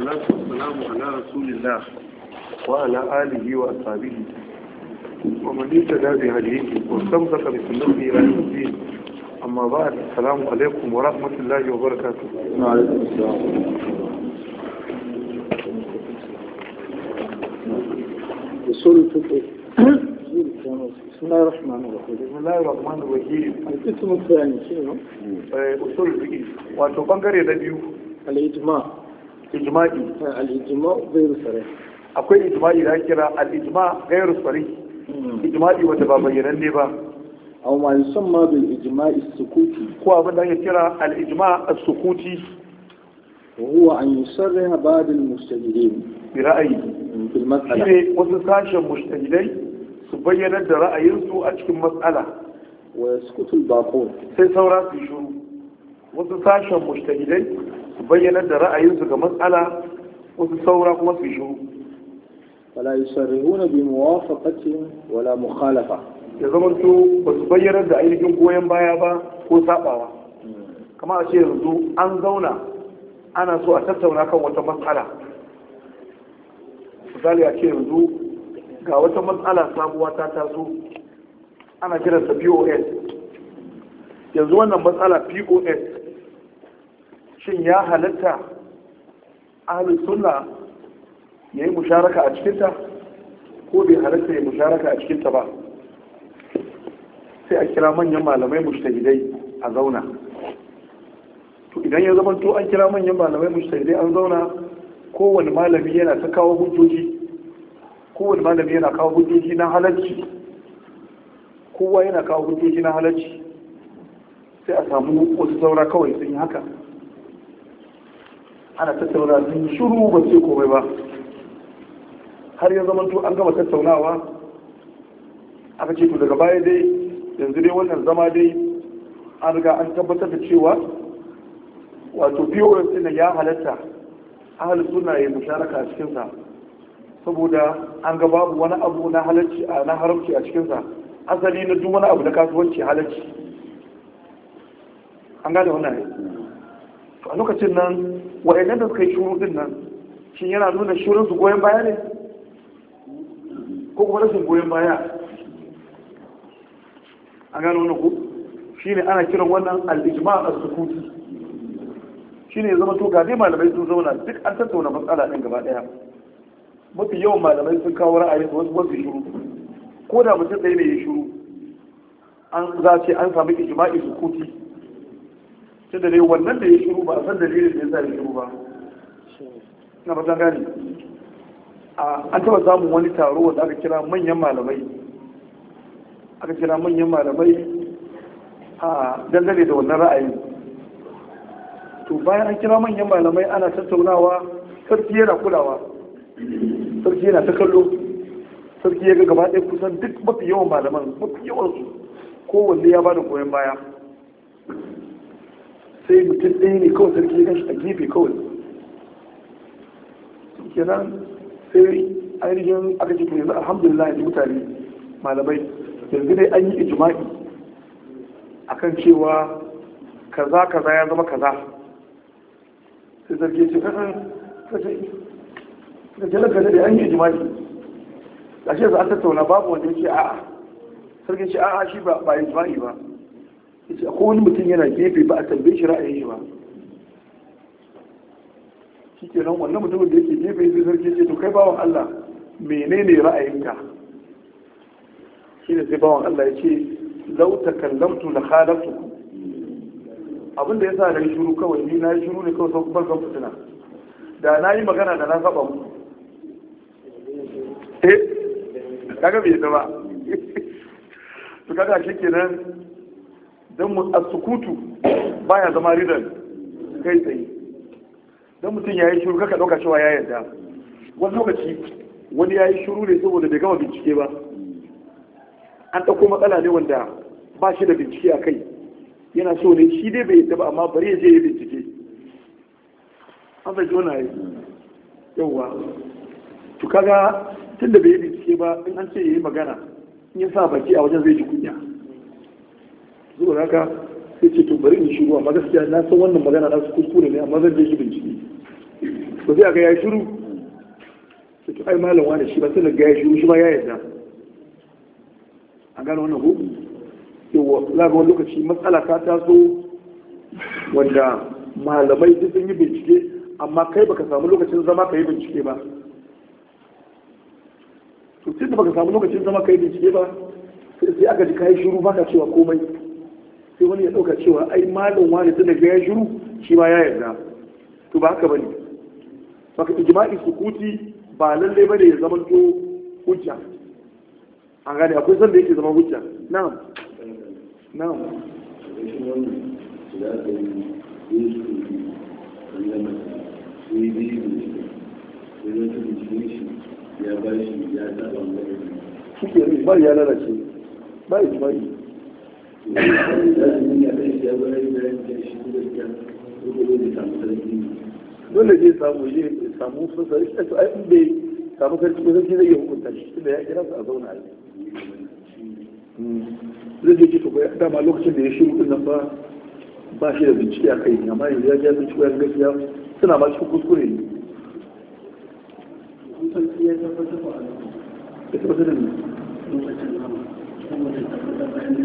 والصلاة والسلام على رسول الله وعلى آله وأصحابه ومن اهتدى بهذه واستمسك بسنته إلى يوم الدين أما بعد السلام عليكم ورحمة الله وبركاته وعليكم السلام أصول الفقه بسم الله الرحمن الرحيم بسم الله الرحمن الرحيم الاسم الثاني شنو؟ آه، أصول الفقه وأنتم بنقري ده الإجماع ijma'i al-ijma' sarih akwai ijma'i da kira al-ijma' ghayr sarih hmm. ijma'i wata ba ne ba aw ma yusamma bil ijma'i as-sukuti ko abin da ake kira al-ijma' as-sukuti وهو أن يصرح بعض المجتهدين برأيه في المسألة. إذا وسنساش المجتهدين سبينا رأيه أشكل مسألة. sai saura su shuru. wasu sashen mushtahidai su bayyanar da ra'ayinsu ga matsala wasu saura kuma su shiru wala yusarrihuna bi muwafaqatin wala mukhalafa ya to ba su bayyanar da ainihin goyon baya ba ko sabawa kama a ce yanzu an zauna ana so a tattauna kan wata matsala misali a ce yanzu ga wata matsala sabuwa ta taso ana kiransa pos yanzu wannan matsala pos shin ya halatta ahalin sunna ya yi musharaka a cikinta ko bai halatta ya musharaka a cikinta ba sai a kira manyan malamai mushtahidai a zauna to idan ya zama to an kira manyan malamai mushtahidai an zauna kowane malami yana ta kawo hujjoji kowane malami yana kawo hujjoji na halarci kowa yana kawo hujjoji na halarci sai a samu wasu saura kawai sun yi haka ana tattauna sun yi shiru ba ce komai ba har ya zamanto an gama tattaunawa aka ce to daga baya dai yanzu dai wannan zama dai an riga an tabbatar da cewa wato pos na ya halatta ahal suna ya musharaka a cikinsa saboda an ga babu wani abu na halarci a na haramci a cikinsa asali na duk wani abu na kasuwanci halarci an gane wannan a lokacin nan wa'annan da suka yi shuru din nan shin yana nuna shirin su goyon baya ne ko kuma rashin goyon baya a gano na ku shi ne ana kiran wannan al'ijima a sukuti shi ne zama to ga dai malamai sun zauna duk an tattauna matsala ɗin gaba ɗaya mafi yawan malamai sun kawo ra'ayi su wasu wasu shuru ko da mutum ɗaya ne ya shuru an za ce an sami ijma'i sukuti tunda dai wannan da ya shiru ba a san dalilin da ya sa ya shiru ba na fatan gani an taɓa samun wani taro wanda aka kira manyan malamai aka kira manyan malamai a dangane da wannan ra'ayi. to bayan an kira manyan malamai ana tattaunawa sarki yana kulawa sarki yana ta kallo sarki ya ga gaba ɗaya kusan duk mafi yawan malaman mafi yawan su kowanne ya ba da goyon baya sai mutum ɗaya ne kawai sarki ya ganshi a gefe kawai kenan sai ainihin aka ce yanzu alhamdulillah da mutane malamai yanzu dai an yi ijma'i akan cewa kaza kaza ya zama kaza sai sarki ce kasan kace da kaza da an yi ijma'i ashe za a tattauna babu wanda ya ce a'a sarki ce a'a shi ba ijma'i ba yace akwai wani mutum yana gefe ba a tambaye shi ra'ayin shi ba shikenan wannan mutumin da yake gefe sai sarki ce to kai bawan Allah menene ra'ayinka shine sai bawan Allah ya ce yace law takallamtu la khalaftukum abin da ya sa da shiru kawai ni na shiru ne kawai sai ban fitina da na yi magana da na saba mu eh kaga bai da ba to kaga shikenan don a sukutu baya zama ridan kai tsaye don mutum ya yi shiru kaka ɗauka cewa ya yarda wani lokaci wani ya yi shiru ne saboda bai gama bincike ba an ɗauko matsala ne wanda ba shi da bincike a kai yana so ne shi dai bai yadda ba amma bari ya je ya bincike an zai jona ya yauwa to kaga tun da bai yi bincike ba in an ce ya yi magana in ya sa baki a wajen zai ji kunya zuwa haka sai ce to bari in shiru amma gaskiya na san wannan magana na su kuskure ne amma zan je shi bincike to sai aka ya shiru sai to ai malam wani shi ba sai na ga ya shiru shi ma ya yarda A gano wannan ko yawa za ga wani lokaci matsala ta taso wanda malamai duk sun yi bincike amma kai baka samu lokacin zama ka yi bincike ba to tun da baka samu lokacin zama ka yi bincike ba sai aka ji ka yi shiru baka cewa komai sai wani ya ɗauka cewa ai malin wani tun daga ya shiru shi ma ya yarda to ba haka bane saka ijma'i sukuti ba lalle bane ya zama to hujja an gane akwai sanda yake zama hujja na'am na'am ya ba shi ya taɓa ya lalace ba ya lalace ba ijma'i dole zai samu zai samu sosai a eh, ta ai bai samu karfi ko sai zai yi hukunta shi tunda ya kira su a zauna ai hmm. zai je kika kwaya dama lokacin da ya shi din nan ba ba shi da bincike a kai amma yanzu ya ja bincike ya gaskiya suna ba shi kuskure ne ya tabbatar ne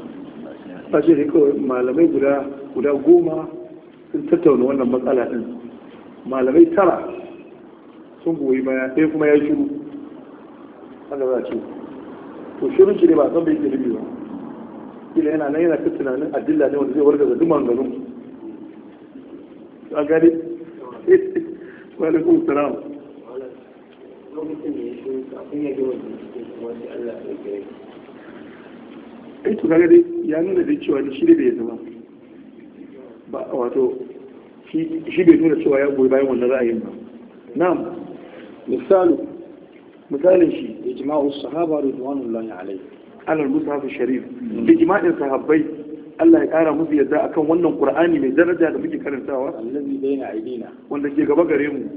ce da kawai malamai guda goma sun tattauna wannan matsala ɗin malamai tara sun goyi baya sai kuma ya shiru haka za ce to shirin shi ne ba san bai ilimi ba kila yana nan yana kan tunanin adilla ne wanda zai warga da duman garin a gari wa salam lokacin da ya shiru kafin ya ji wanda ya Allah ya ai eh, to kaga dai ya nuna dai cewa shi ne bai zama ba wato shi bai nuna cewa ya goyi bayan wannan ra'ayin ba na'am misalu misalin shi ijma'u sahaba ridwanullahi alaihi alal mushaf sharif ijma'in sahabbai Allah ya kara musu yadda akan wannan Qur'ani mai daraja da muke karantawa allazi baina aidina wanda ke gaba gare mu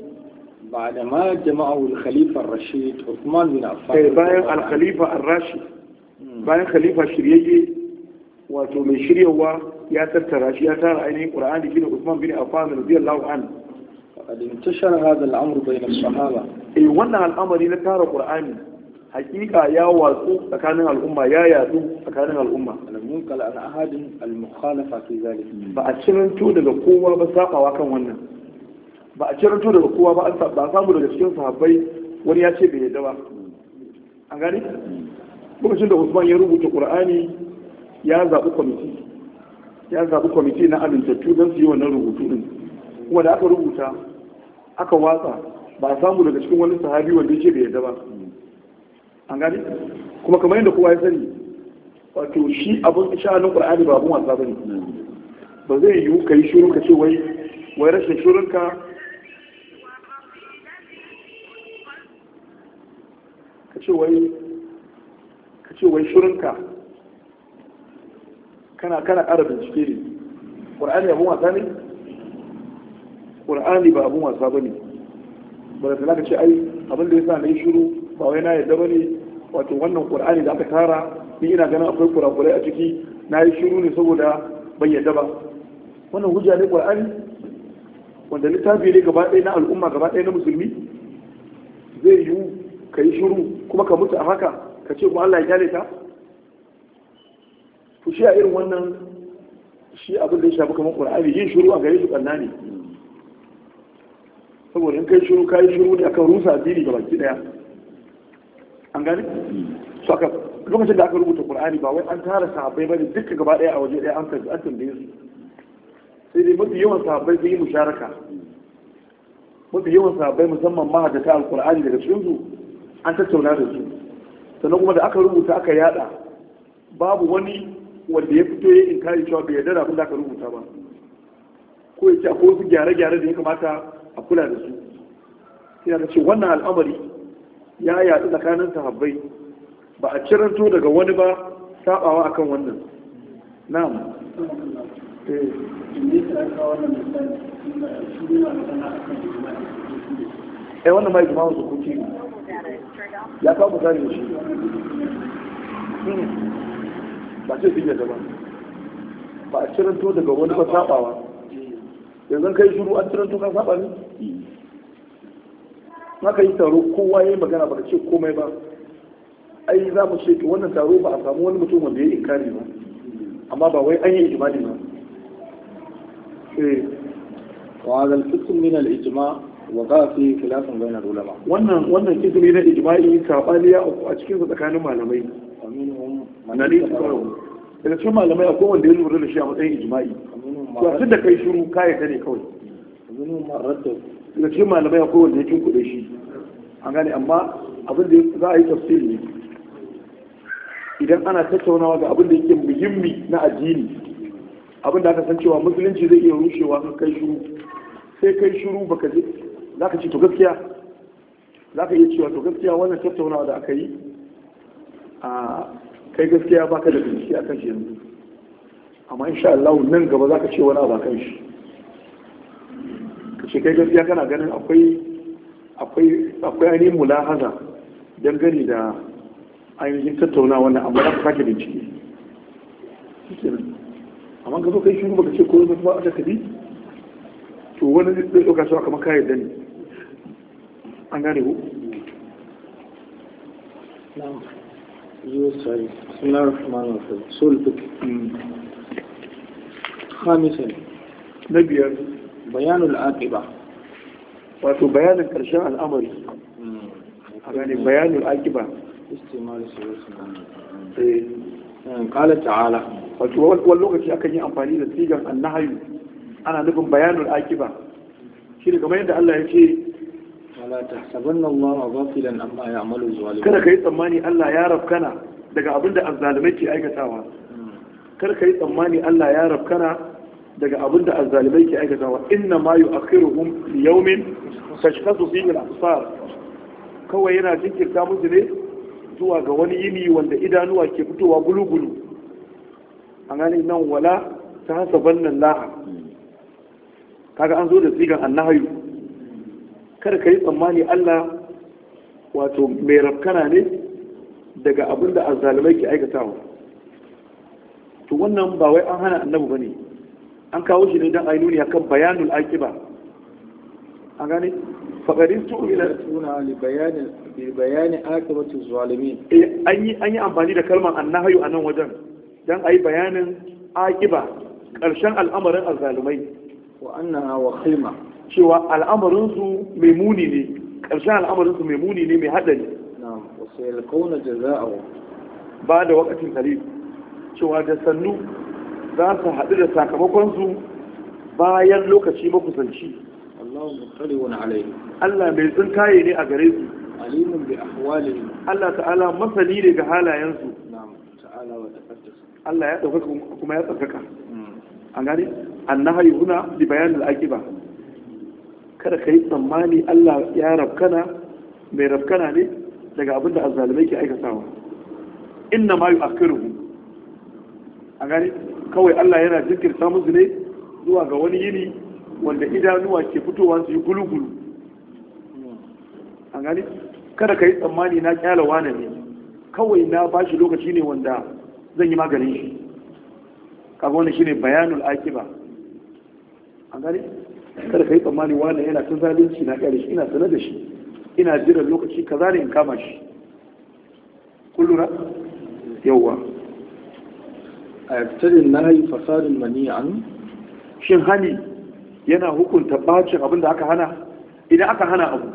Ba ma بعدما Rashid, الخليفة الرشيد عثمان بن عفان. بايع الخليفة الراشد bayan khalifa shiryayye wato mai shiryawa ya tattara shi ya tara ainihin qur'ani shi da usman bin affan radiyallahu an qad intashara hadha al-amr bayna as-sahaba eh wannan al'amari na tara qur'ani hakika ya watsu tsakanin al'umma ya yatsu tsakanin al'umma alamun kal an ahadin al-mukhalafa fi zalik ba a ciranto daga kowa ba sabawa kan wannan ba a ciranto daga kowa ba an samu daga cikin sahabbai wani ya ce bai yadda ba an gani lokacin da usman ya rubuta qur'ani ya zaɓi kwamiti ya zaɓi kwamiti na amintattu don su yi wannan rubutu din kuma da aka rubuta aka watsa ba a samu daga cikin wani sahabi wanda ce bai yarda ba an gani kuma kamar yadda kowa ya sani wato shi abin sha'anin qur'ani ba abin wasa ne. ba zai yiwu ka yi shirin ka ce wai wai rashin shirin ka ka ce wai ce wai shirinka kana kana ƙara bincike ne ƙur'ani abun wasa ne ƙur'ani ba abun wasa ba ne ba da tsanaka ce ai abin da ya sa na yi shiru ba wai na yadda ba ne wato wannan ƙur'ani da aka tara ni ina ganin akwai kurakurai a ciki na yi shiru ne saboda bai yadda ba wannan hujja ne ƙur'ani wanda littafi ne gaba ɗaya na al'umma gaba ɗaya na musulmi zai yiwu ka yi shiru kuma ka mutu a haka ka ce kuma Allah ya kyale ta ku shi a irin wannan shi abin da ya shafi kamar ƙwararri yin shiru a gare su ƙanna ne saboda in kai shiru yi shiru ne kan rusa addini ga baki daya an gani su aka lokacin da aka rubuta ƙwararri ba wai an tara sahabbai ne duka gaba daya a waje daya an tambaye su sai dai mafi yawan sahabbai sun yi musharaka mafi yawan sahabbai musamman ma da ta daga cikin su an tattauna da su sannan kuma da aka rubuta aka yada babu wani wanda ya fito ya inkari cewa bai yarda da abin da aka rubuta ba ko ya ce akwai wasu gyare-gyare da ya kamata a kula da su sai aka ce wannan al'amari ya yaɗu tsakanin sahabbai ba a ciranto daga wani ba sabawa akan wannan na'am eh, eh wannan mai jima'u su kuki ya kawo misali da shi hmm. ba ce fiye da ba ba a ciranto daga wani ba sabawa yanzu kai shuru an ciranto kan saba ne ka yi taro kowa ya yi magana ba ka ce komai ba ai za mu ce wannan taro ba a samu wani mutum wanda ya yi inkari ba amma ba wai an yi ijimani ba وهذا nuna da الإجماع wa za fi khilafin bayan ulama wannan wannan na ijma'i sabani ya a cikin tsakanin malamai aminhum manali tsaro daga cikin malamai akwai wanda ya lura da shi a matsayin ijma'i to tun da kai shiru kai ka ne kawai aminhum maradda daga cikin malamai akwai wanda ya kinkuɗe shi an gane amma abin da za a yi tafsiri ne idan ana tattaunawa ga abin da yake muhimmi na addini abin da aka san cewa musulunci zai iya rushewa kan kai shiru sai kai shiru baka je za ka ce to gaskiya za ka iya cewa to gaskiya wannan tattaunawa da aka yi a kai gaskiya baka da bincike a kan shi yanzu amma insha Allah nan gaba za ka ce wani abu kan shi ka ce kai gaskiya kana ganin akwai akwai akwai ainihin mulahaza dangane da ainihin tattauna wannan amma za ka sake bincike amma ka zo kai shi ba ka ce ko wani ba aka kabi to wani zai ɗauka su aka maka yadda ne an gane ku خامسا نبيا بيان العاقبة wato bayanin ƙarshen al'amari hmm. a gane bayanin akiba kala ta'ala wato wani lokaci akan yi amfani da sigan annahayu ana nufin bayanin akiba shi فلا تحسبن الله غافلا عما يعمل الظالمون kada kai tsammani Allah ya rafkana daga abin da azzalimai ke aikatawa kada yi tsammani Allah ya rafkana daga abin da azzalimai ke aikatawa inna ma yu'akhiruhum li yawmin tashkhasu fihi al-absar kawai yana jinkirta musu ne zuwa ga wani yini wanda idanuwa ke fitowa gulugulu an gane nan wala ta hasaban nan laha kaga an zo da sigan annahayu kada ka yi tsammani Allah wato mai rafkana ne daga abin da azzalimai ke aikatawa to wannan ba wai an hana annabi bane an kawo shi ne don ainuni akan bayanul akiba a gane faƙarin tu'u ila tuna li bayani bi bayani akibatu eh, an yi an yi amfani da kalmar annahayu a nan wajen dan ayi bayanin akiba ƙarshen al'amarin azzalumai wa annaha wa khima cewa al'amarinsu mai muni ne ƙarshen al'amarinsu mai muni ne mai haɗari ba da wakatin kalil cewa da sannu za su haɗu da sakamakonsu bayan lokaci makusanci Allah mai kaye ne a gare su Allah ta'ala masani ne ga halayensu Allah ya ɗaukaka kuma ya tsarkaka mm. an gani an na haihu da bayanin al'aƙiba kada ka yi tsammani Allah ya rafkana mai rafkana ne daga abin da azalimai ke aikatawa inna ma yu'akhiruhu a gani kawai Allah yana jinkirta musu ne zuwa ga wani yini wanda idanuwa ke fitowa su yi gulugulu a gani kada ka yi tsammani na kyala wane ne kawai na ba shi lokaci ne wanda zan yi maganin shi kaga shi shine bayanul akiba a gani kada ka yi tsammani wani yana ta zalunci na kare shi ina sanar da shi ina jiran lokaci ka zane in kama shi kullura yauwa a yaktarin na yi fasadin an? shin hani yana hukunta bacin abin da aka hana idan aka hana abu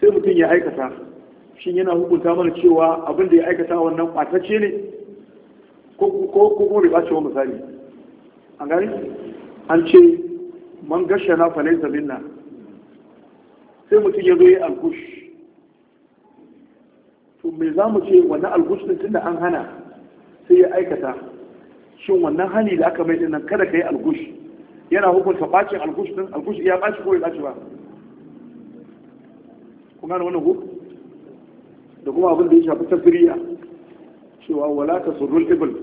sai mutum ya aikata shin yana hukunta mana cewa abin da ya aikata wannan kwatacce ne ko kuma bai bacewa misali an gani an ce man gashe na falai zabinna sai mutum ya zo yi algush to me za mu ce wannan algush din tunda an hana sai ya aikata shin wannan hani da aka mai din nan kada ka yi algush yana hukunta bacin algush din algush ya bashi ko ya bashi ba kuma gane wannan ko da kuma abin da ya shafi tafiriya cewa wala ta surrul ibil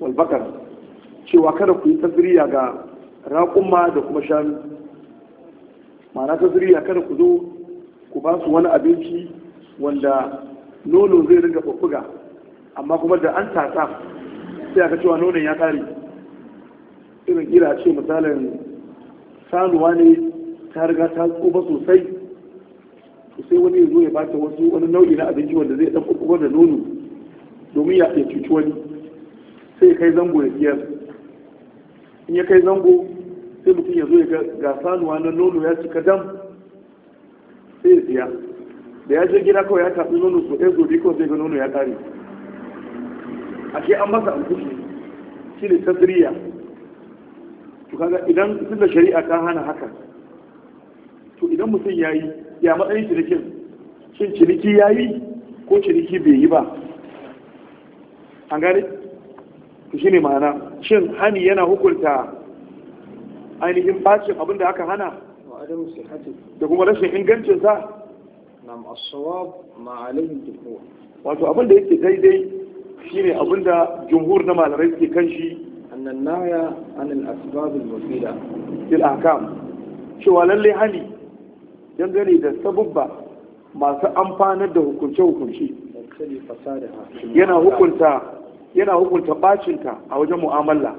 wal bakar cewa kada ku yi tafiriya ga raƙumma da kuma shanu ma'ana ta zuriya kada ku zo ku ba su wani abinci wanda nono zai ringa ɓuɓɓuga amma kuma da an tatsa sai aka cewa nonon ya ƙare irin ira ce misalin sanuwa ne ta riga ta tsufa sosai sai wani ya zo ya bata wasu wani nau'i na abinci wanda zai ɗan ɓuɓɓuga da nono domin ya cuci wani sai kai zango ya biyar in ya kai zango sai mutum ya zo ya ga sanuwa na nono ya cika dam sai ya siya da ya je gida kawai ya tafi nono su ɗaya gobe kawai sai ga nono ya ƙare ashe an masa amfushi shi ne tasiriya to kaga idan da shari'a ta hana haka to idan mutum ya yi ya matsayin cinikin shin ciniki ya yi ko ciniki bai yi ba an gane to shine ma'ana shin hani yana hukunta ainihin bacin abin da aka hana da kuma rashin ingancinsa sa nam as-sawab ma alayhi jumhur wato abin da yake daidai shine abin da jumhur na malamai ke kan shi annan naya an al-asbab al-mufida fil ahkam cewa lalle hali dangane da sabubba masu amfanar da hukunce-hukunce yana hukunta yana hukunta bacinta a wajen mu'amala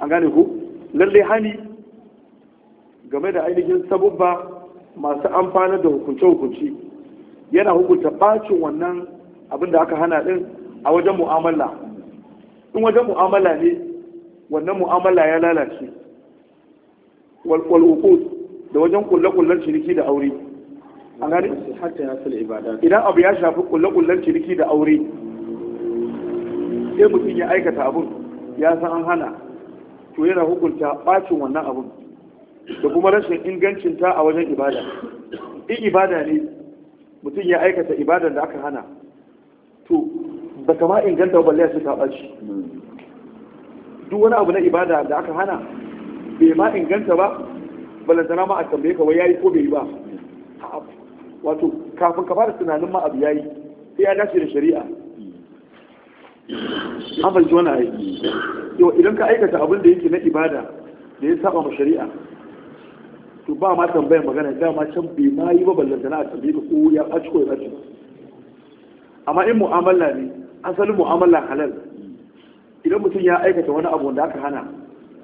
an gane ku lalle hani game da ainihin sabubba masu amfana da hukunce-hukunci yana hukunta bacin wannan abin da aka hana din a wajen mu'amala in wajen mu'amala ne wannan mu'amala ya lalace wal'ukud da wajen kulle-kullen ciniki da aure a gani idan abu ya shafi kulle-kullen ciniki da aure sai mutum ya aikata abun ya san an hana to yana hukunta bacin wannan abun da kuma rashin ingancinta a wajen ibada in ibada ne mutum ya aikata ibada da aka hana to ba kama inganta ba balle su ta ɓaci duk wani abu na ibada da aka hana bai ma inganta ba balantana ma a tambaye ka wai yayi ko bai yi ba wato kafin ka fara tunanin ma abu yayi sai ya dace da shari'a an fahimci wani aiki yau idan ka aikata abin da yake na ibada da ya saba ma shari'a to ba ma tambayar magana dama can bai ma yi ba ballanta na a tambaye ka ko ya ɓaci ko ya ɓaci amma in mu'amala ne asalin mu'amala halal idan mutum ya aikata wani abu da aka hana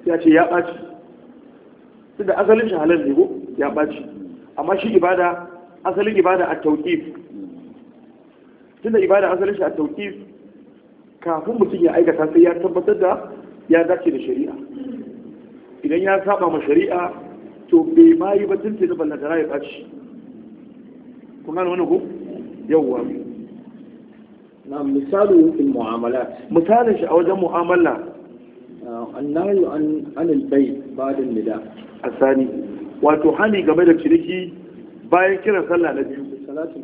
sai ya ce ya ɓaci tunda asalin shi halal ne ko ya ɓaci amma shi ibada asalin ibada a tauƙif tunda ibada asalin shi a tauƙif kafin mutum ya aikata sai ya tabbatar da ya dace da shari'a idan ya saba ma shari'a to bai ma yi batun tuni ballantana ya ɓaci kun gane wani ko yawwa na misalin fil mu'amala misalin shi a wajen mu'amala uh, annahi an anil bai da nida sani wato hani game da ciniki bayan kiran sallah na biyu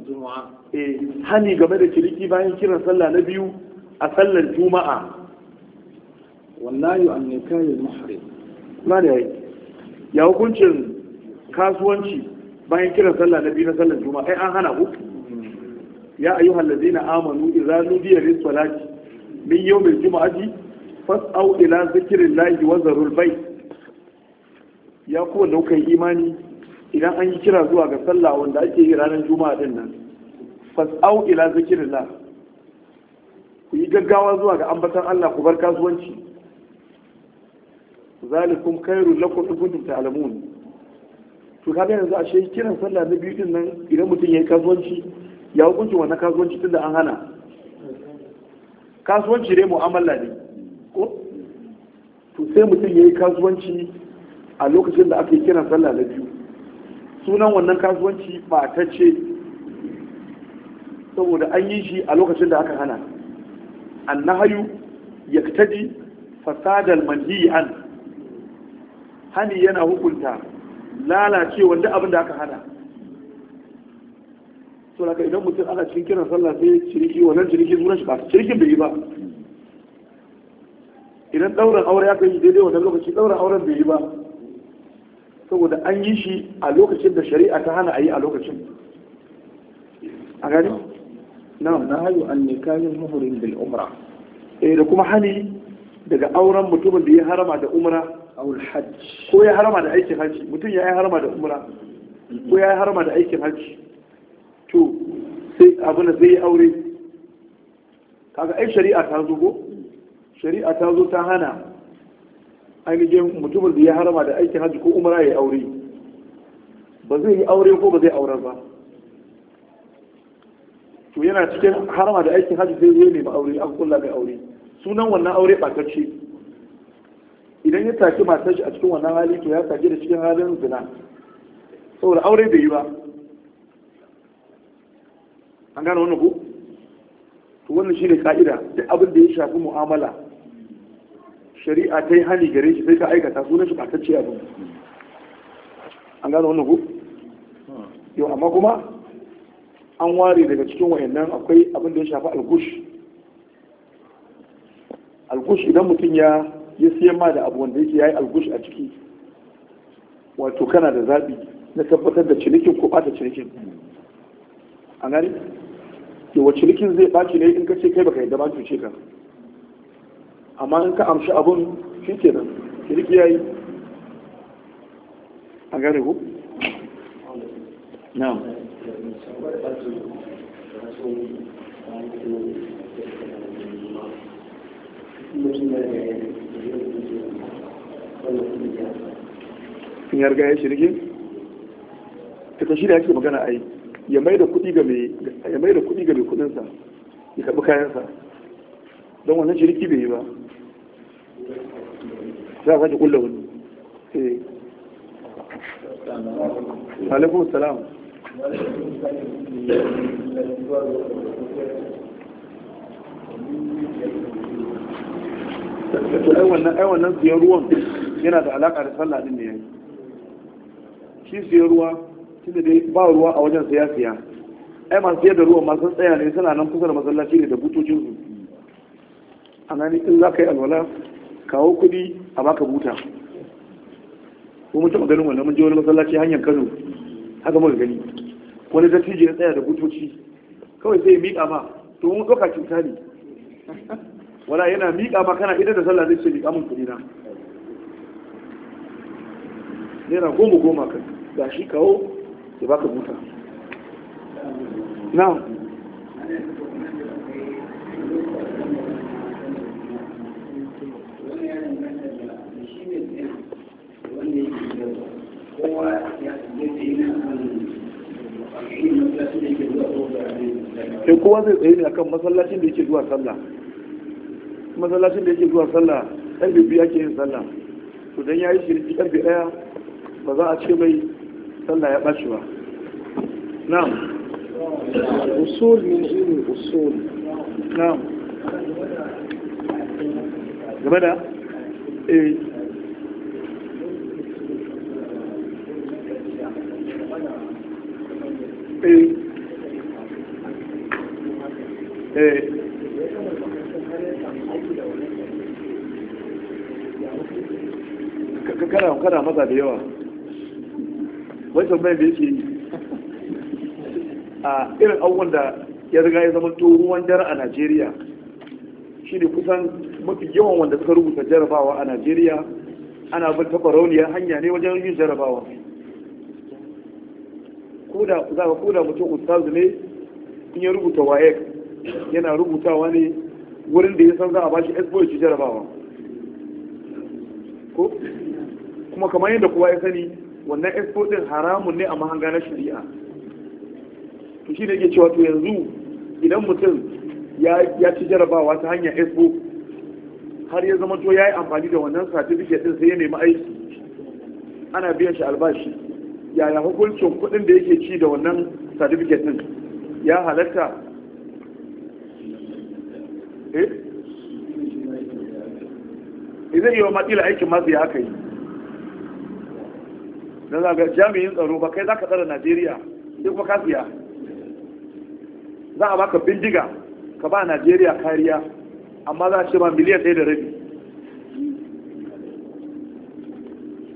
juma'a eh hani game da ciniki bayan kiran sallah na biyu a sallar juma'a wallahi an nikahil muhrim na da yayi ya hukuncin kasuwanci bayan kiran sallah na biyu na sallar juma'a ai an hana ku ya ayyuhal ladzina amanu idza nudiya lis salati min yawmil juma'ati fas'au ila zikrillahi wa zarul bayt ya kuma daukan imani idan an yi kira zuwa ga sallah wanda ake yi ranar juma'a din nan fas'au ila zikrillahi ku yi gaggawa zuwa ga ambatan Allah ku bar kasuwanci zalikum khairul lakum in kuntum ta'lamun to kaga yanzu ashe kiran sallah na biyu din nan idan mutum yayi kasuwanci ya hukunci wannan kasuwanci tunda an hana kasuwanci dai mu'amala ne ko to sai mutum yayi kasuwanci a lokacin da aka yi kiran sallah na biyu sunan wannan kasuwanci ba ta ce saboda an yi shi a lokacin da aka hana annahayu yaktaji fasadal manhi an hani yana hukunta lalace wanda abin da aka hana so daga idan mutum ana cikin kiran sallah sai ciriki wannan ciriki zuwa shi ba cirikin bai yi ba idan ɗaurin aure ya kai daidai wannan lokaci ɗaurin auren bai yi ba saboda an yi shi a lokacin da shari'a ta hana a yi a lokacin a gani na'am na hayu an nikahin muhrim bil umra eh da kuma hani daga auren mutumin da ya harama da umra aw hajj ko ya harama da aikin hajji mutum ya yi harama da umra ko ya yi harama da aikin hajji to sai abin da zai yi aure kaga ai shari'a ta zo ko shari'a ta zo ta hana ainihin mutumin da ya harama da aikin hajji ko umra ya yi aure ba zai yi aure ko ba zai aure ba to yana cikin harama da aikin hajji zai zo ne ba aure an kulla mai aure sunan wannan aure kace idan ya taki matar shi a cikin wannan hali to ya taki da cikin halin zina saboda aure bai yi ba an gane wannan ko to wannan shine ka'ida duk abin da ya shafi mu'amala shari'a ta yi hani gare shi sai ka aikata sunan shi ɓatacce abin an gane wannan ko yau amma kuma an ware daga cikin wayannan akwai abin da ya shafi algush algush idan mutum ya ya siyan ma da abu wanda yake yayi algush a ciki wato kana da zabi na tabbatar da cinikin ko bata cinikin a gani yawa cinikin zai ɓaki ne in ka ce kai baka yadda ba cuce ka amma in ka amshi abun shi ke nan ciniki ya yi a gane ku? na'am in yarga ya shirge ta shi da yake magana a yi ya mai da kudi ga mai kuɗinsa ya karɓi kayansa don wannan shiriki bai yi ba za a sake kulla wani eh alaikum salam ai wannan siyan ruwan yana da alaƙa da sallah din da yayi shi siyan ruwa tunda dai ba ruwa a wajen saya siya ai masu siyar da ruwan sun tsaya ne suna nan kusa da masallaci ne da butocin su a nan in za ka yi alwala kawo kuɗi a baka buta ko mun taɓa ganin wannan mun je wani masallaci hanyar Kano haka muka gani wani dattijo ya tsaya da butoci kawai sai ya miƙa ma to mun ɗauka cuta ne wala yana miƙa ma kana idan da sallah zai ce miƙa mun kuɗi na naira goma goma ka gashi kawo ya baka buta na'am sai kowa zai tsaye ne akan masallacin da yake zuwa sallah masallacin da yake zuwa sallah karfe biyu ake yin sallah to dan yayi shirki karfe ɗaya ba za a ce mai sallah ya ɓaci ba na'am usul min ilmi usul na'am gaba da eh eh Eh. kana kana maza da yawa wai tambayar da yake yi a irin abubuwan da ya riga ya zama to ruwan dare a najeriya shi ne kusan mafi yawan wanda suka rubuta jarabawa a najeriya ana bin taɓarauniyar hanya ne wajen yin jarabawa koda za ka koda mutum ustazu ne in ya rubuta waye yana rubutawa ne wurin da ya san za a bashi expo ya jarabawa ko kuma kamar yadda kowa ya sani wannan expo din haramun ne a mahanga na shari'a to shi ne ke cewa to yanzu idan mutum ya ci jarabawa ta hanyar expo har ya zama to ya yi amfani da wannan certificate din sai ya nemi aiki ana biyan shi albashi yaya hukuncin kuɗin da yake ci da wannan satifiket din ya halatta Eh? eh zai yi wa matsila aikin ma ya haka yi don zaga jami'in tsaro ba kai za ka tsara najeriya duk ba kasiya za a baka bindiga ka ba najeriya kariya amma za a ce ma miliyan ɗaya da rabi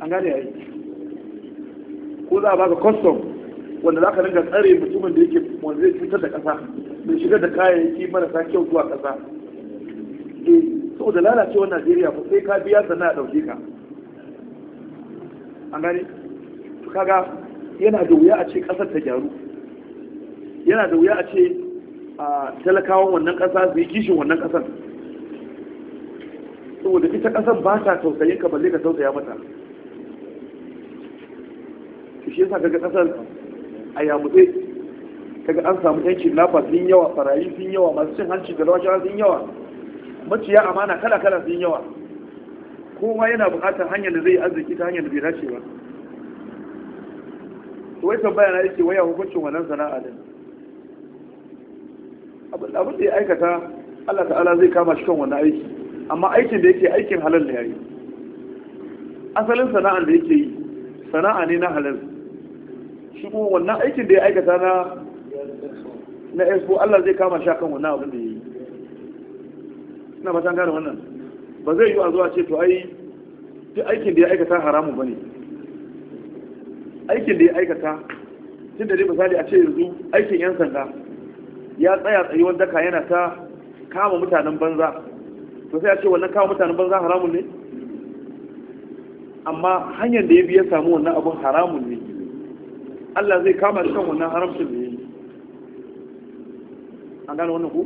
an gane yayi ko za a baka custom wanda za ka dinga tsare mutumin da yake wanda zai cutar da ƙasa mai shigar da kayayyaki marasa kyau zuwa ƙasa eh saboda lalacewar najeriya ba sai ka biya sannan a ɗauke ka an gani, kaga yana da wuya a ce ƙasar ta gyaru yana da wuya a ce talakawan wannan ƙasa su yi kishin wannan ƙasar saboda ita ƙasar ba ta tausayin ka balle ka tausaya mata shi yasa kaga ƙasar a yamutse kaga an samu yankin nafa sun yawa farayi sun yawa masu cin hanci da rawa sun yawa maciya amana kala kala sun yawa kuma yana buƙatar hanyar da zai arziki ta hanyar da bai dace ba to wai tambaya na yake waya hukuncin wannan sana'a din abin da ya aikata Allah ta'ala zai kama shi kan wannan aiki amma aikin da yake aikin halal ne yayi asalin sana'a da yake yi sana'a ne na halal shi kuma wannan aikin da ya aikata na na Allah zai kama shi kan wannan abin da yayi ina ba gane wannan ba zai yi a zuwa ce to ai duk aikin da ya aikata haramun ba ne aikin da ya aikata tun da dai misali a ce yanzu aikin yan sanda ya tsaya tsayuwar daka yana ta kama mutanen banza to sai a ce wannan kama mutanen banza haramun ne amma hanyar da ya biya samu wannan abun haramun ne Allah zai kama da kan wannan haramcin da ya yi an gane wannan ku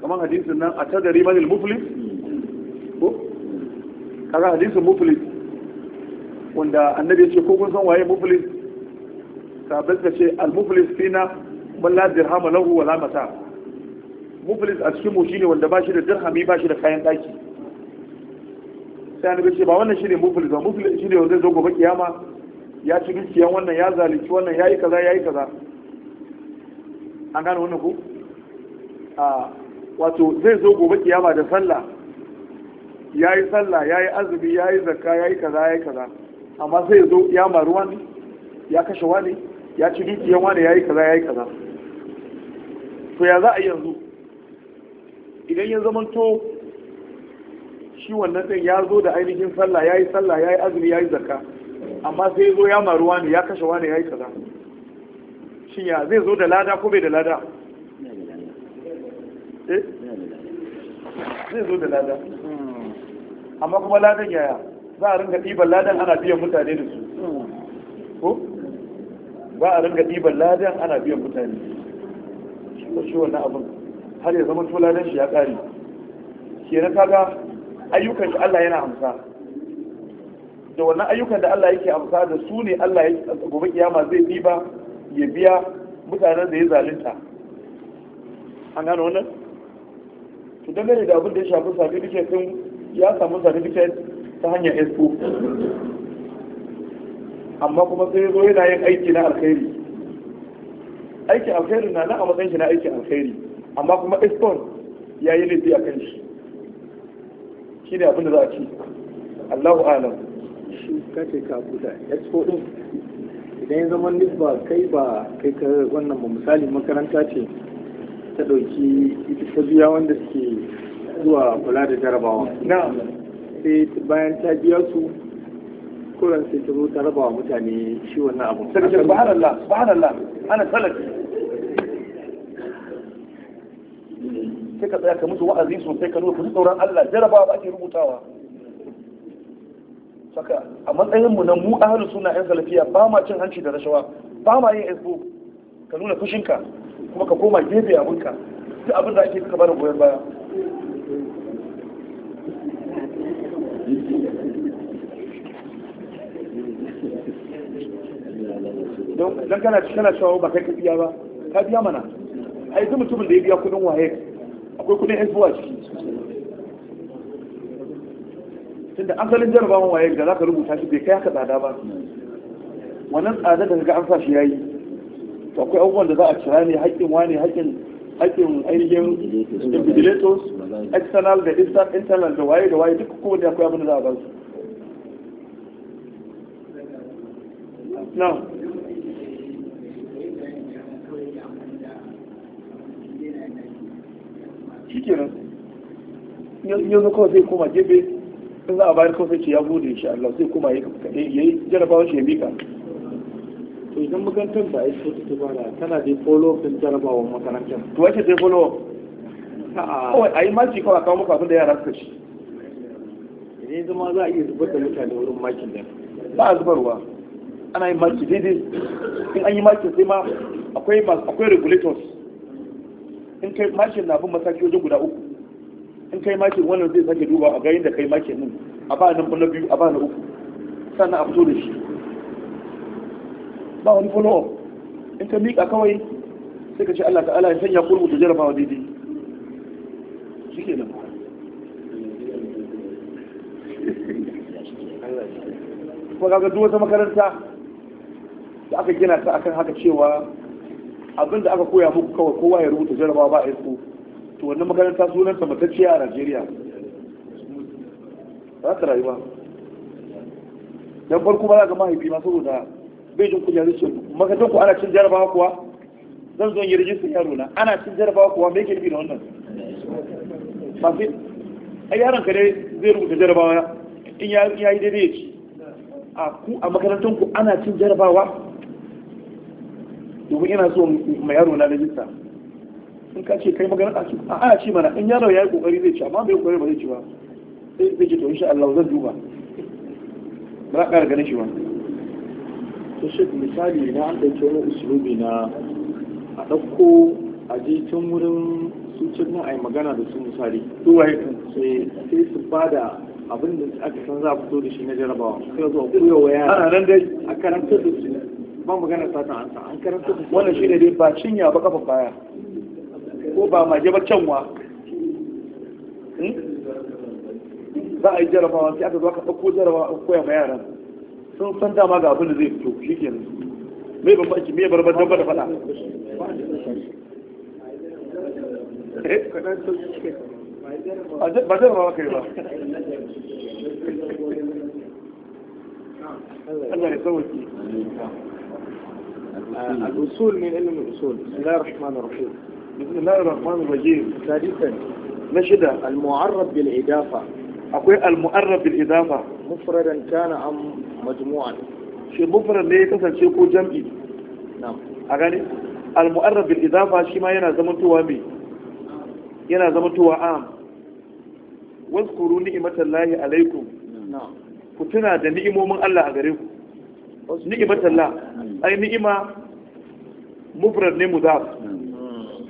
kamar hadisin nan a tagari manil muflis ko kaga hadisin muflis wanda annabi ya ce ko kun san waye muflis sabbin ka ce al-muflis fina man la dirhama lahu wala mata muflis a cikin mu shine wanda ba shi da dirhami ba shi da kayan daki sai annabi ce ba wannan shine muflis ba muflis shine wanda zo gobe kiyama ya ci dukiyan wannan ya zalunci wannan yayi kaza yayi kaza an gane wannan ku a wato zai zo gobe kiyama da sallah ya yi sallah ya yi azumi ya yi zakka ya yi kaza ya yi kaza amma zai zo ya maru wani ya kashe wani ya ci dukiyan wani ya yi kaza ya yi kaza to ya za a yanzu idan ya zama to, shi wannan din ya zo da ainihin sallah ya yi sallah ya yi azumi ya yi zakka amma sai ya zo ya maru wani ya kashe wani ya yi kaza shin ya zai zo da lada ko bai da lada Eh? zai zo da lada amma kuma ladan yaya za a ringa ɗiban ladan ana biyan mutane da su ko ba a ringa ɗiban ladan ana biyan mutane shi wannan abin har ya zama ladan shi ya ƙare kenan kaga ayyukan shi Allah yana amsa da wannan ayyukan da Allah yake amsa da su ne Allah ya gobe kiyama zai ɗiba ya biya mutanen da ya zalunta an gano wannan da dangane da abin da ya shafi certificate din ya samu certificate ta hanyar expo amma kuma sai zo yana yin aiki na alkhairi aikin alkhairi na nan a matsayin shi na aikin alkhairi amma kuma expo ya yi laifi a kan shi shi ne abin da za a ci Allahu alam shi ce ka kuda expo din idan ya zama nisba kai ba kai ka wannan misali makaranta ce ta ɗauki ta biya wanda suke zuwa kula da jarabawa na sai bayan ta biya su kuran sai ta zo ta raba wa mutane shi wannan abu sarki subhanallah Allah, ana salafi sai ka tsaya ka musu wa'azi sosai ka nuna ku tsoron Allah jarabawa ba ake rubutawa saka a matsayinmu na mu ahlus yan salafiya ba ma cin hanci da rashawa ba ma yin esbo ka nuna fushinka kuma ka koma gefe abinka duk abin da ake suka bada goyon baya don kana kana shawo ba kai ka biya ba ka biya mana A yanzu mutumin da ya biya kudin waye akwai kudin zuwa ciki tunda asalin jarabawan waye da za ka rubuta shi bai kai haka tsada ba wannan tsada da ga an sa shi yayi akwai abubuwan da za a kira ne haƙƙin wani haƙƙin haƙƙin ainihin invigilators external da internal da waye da waye duka da akwai abin da za a ba su now shikenan yanzu kawai zai koma gefe in za a bayar kawai ce ya bude shi Allah sai koma ya yi jarabawa shi ya mika to idan makarantar ba a yi so take tana dai follow din jarabawar makarantar to wace dai follow kawai a yi maki kawai a kawo muku abin da yara suka ci ne zama za a iya zubar da mutane wurin makin da ba a zubarwa ana yin maki daidai in an yi makin sai ma akwai akwai regulators in kai makin na bin mataki wajen guda uku in kai makin wannan zai sake duba a ga da kai makin nan, a ba nan na biyu a ba na uku sannan a fito da shi ba wani follow up in ka miƙa kawai sai ka ce Allah ta'ala ya sanya kurbu da jarabawa daidai shi ke nan kuma kaga duk wata makaranta da aka gina ta akan haka cewa abin da aka koya muku kawai kowa ya rubuta jarabawa ba a isko to wannan makaranta sunanta matacciya a Najeriya za ta rayu ba dan farko ba za ka mahaifi ma saboda bai jin kunya zai ku ana cin jarabawa kuwa zan zo yi rijistar yaro na ana cin jarabawa kuwa me ke nufi da wannan masu a yaron ka dai zai rubuta jarabawa in ya yi daidai ya ci a ku a makarantar ku ana cin jarabawa domin ina so mai yaro na rijista in ka ce kai magana a cikin ana ci mana in yaro ya yi kokari zai ci amma bai kokari ba zai ci ba sai zai ce to insha Allah zan duba ba za ka ƙara ganin shi ba ta shi misali na an ɗauki wani usulubi na a ɗauko a je can wurin su na a yi magana da su misali eh, sai su ba da abin da aka san za a fito da shi na jarabawa sai zuwa koya wa yara a nan dai a karanta da su ba magana ta an sa an karanta da su wannan ne dai ba cinya ba kafa baya ko ba maje ba canwa hmm? za a yi jarabawa sai aka zo aka ɗauko jarabawa a koya ma yaran sun san dama ga abin da zai fito shi mai bambanci mai barbar dabba da fada eh? ba zai ba kai ba Allah ya sauki الأصول من علم الأصول بسم الله الرحمن الرحيم بسم الله الرحمن الرحيم ثالثا نشد المعرب بالإضافة أقول المعرب بالإضافة mufradan kana am ne ya kasance ko jam'i na'am a gani al mu'arrab bil idafa shi ma yana zamantowa me yana zamantowa am wazkuru ni'matallahi alaikum na'am ku tuna da ni'imomin Allah a gare ku ni'imatallah ai ni'ima mufrad ne mudaf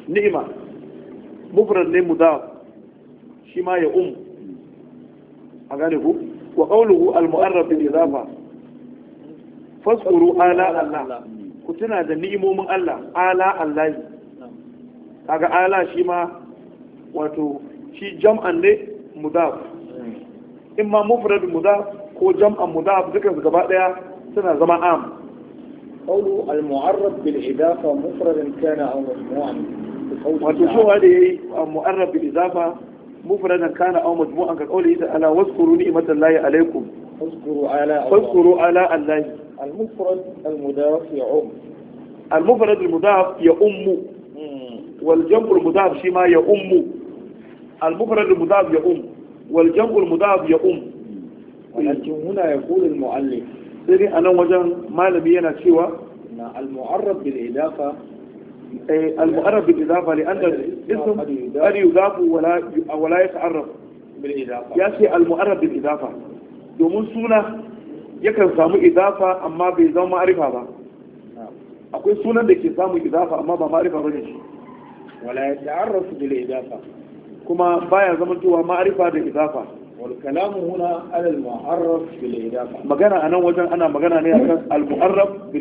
ni'ima mufrad ne mudaf ya um a gane ku wa qawluhu al-mu'arraf bil idafa fasquru ala Allah ku tuna da ni'imomin Allah ala Allah kaga ala shi ma wato shi jam'an ne mudaf imma mufrad mudaf ko jam'an mudaf dukan su gaba daya suna zama am qawlu al-mu'arraf bil idafa mufradan kana da yayi a bil مفردا كان أو مجموعا كقوله تعالى واذكروا نعمة الله عليكم واذكروا على واذكروا على الله المفرد المضاف يعم المفرد المضاف يؤم والجمع المضاف شما يؤم المفرد المضاف يؤم والجمع المضاف يؤم ولكن هنا يقول المؤلف سيدي أنا وجه ما لم ينا سوى المعرب بالإضافة المؤرف بالإضافة لأن الاسم قد يضاف ولا ولا يتعرف بالإضافة يأتي المؤرف بالإضافة domin suna yakan samu idafa amma bai zama ma'arifa ba akwai sunan da ke samu idafa amma ba ma'arifa ba ne ya ta'arrafu bil kuma baya zamantowa ma'arifa da idafa wal huna ala al mu'arraf wajen ana magana ne akan al mu'arraf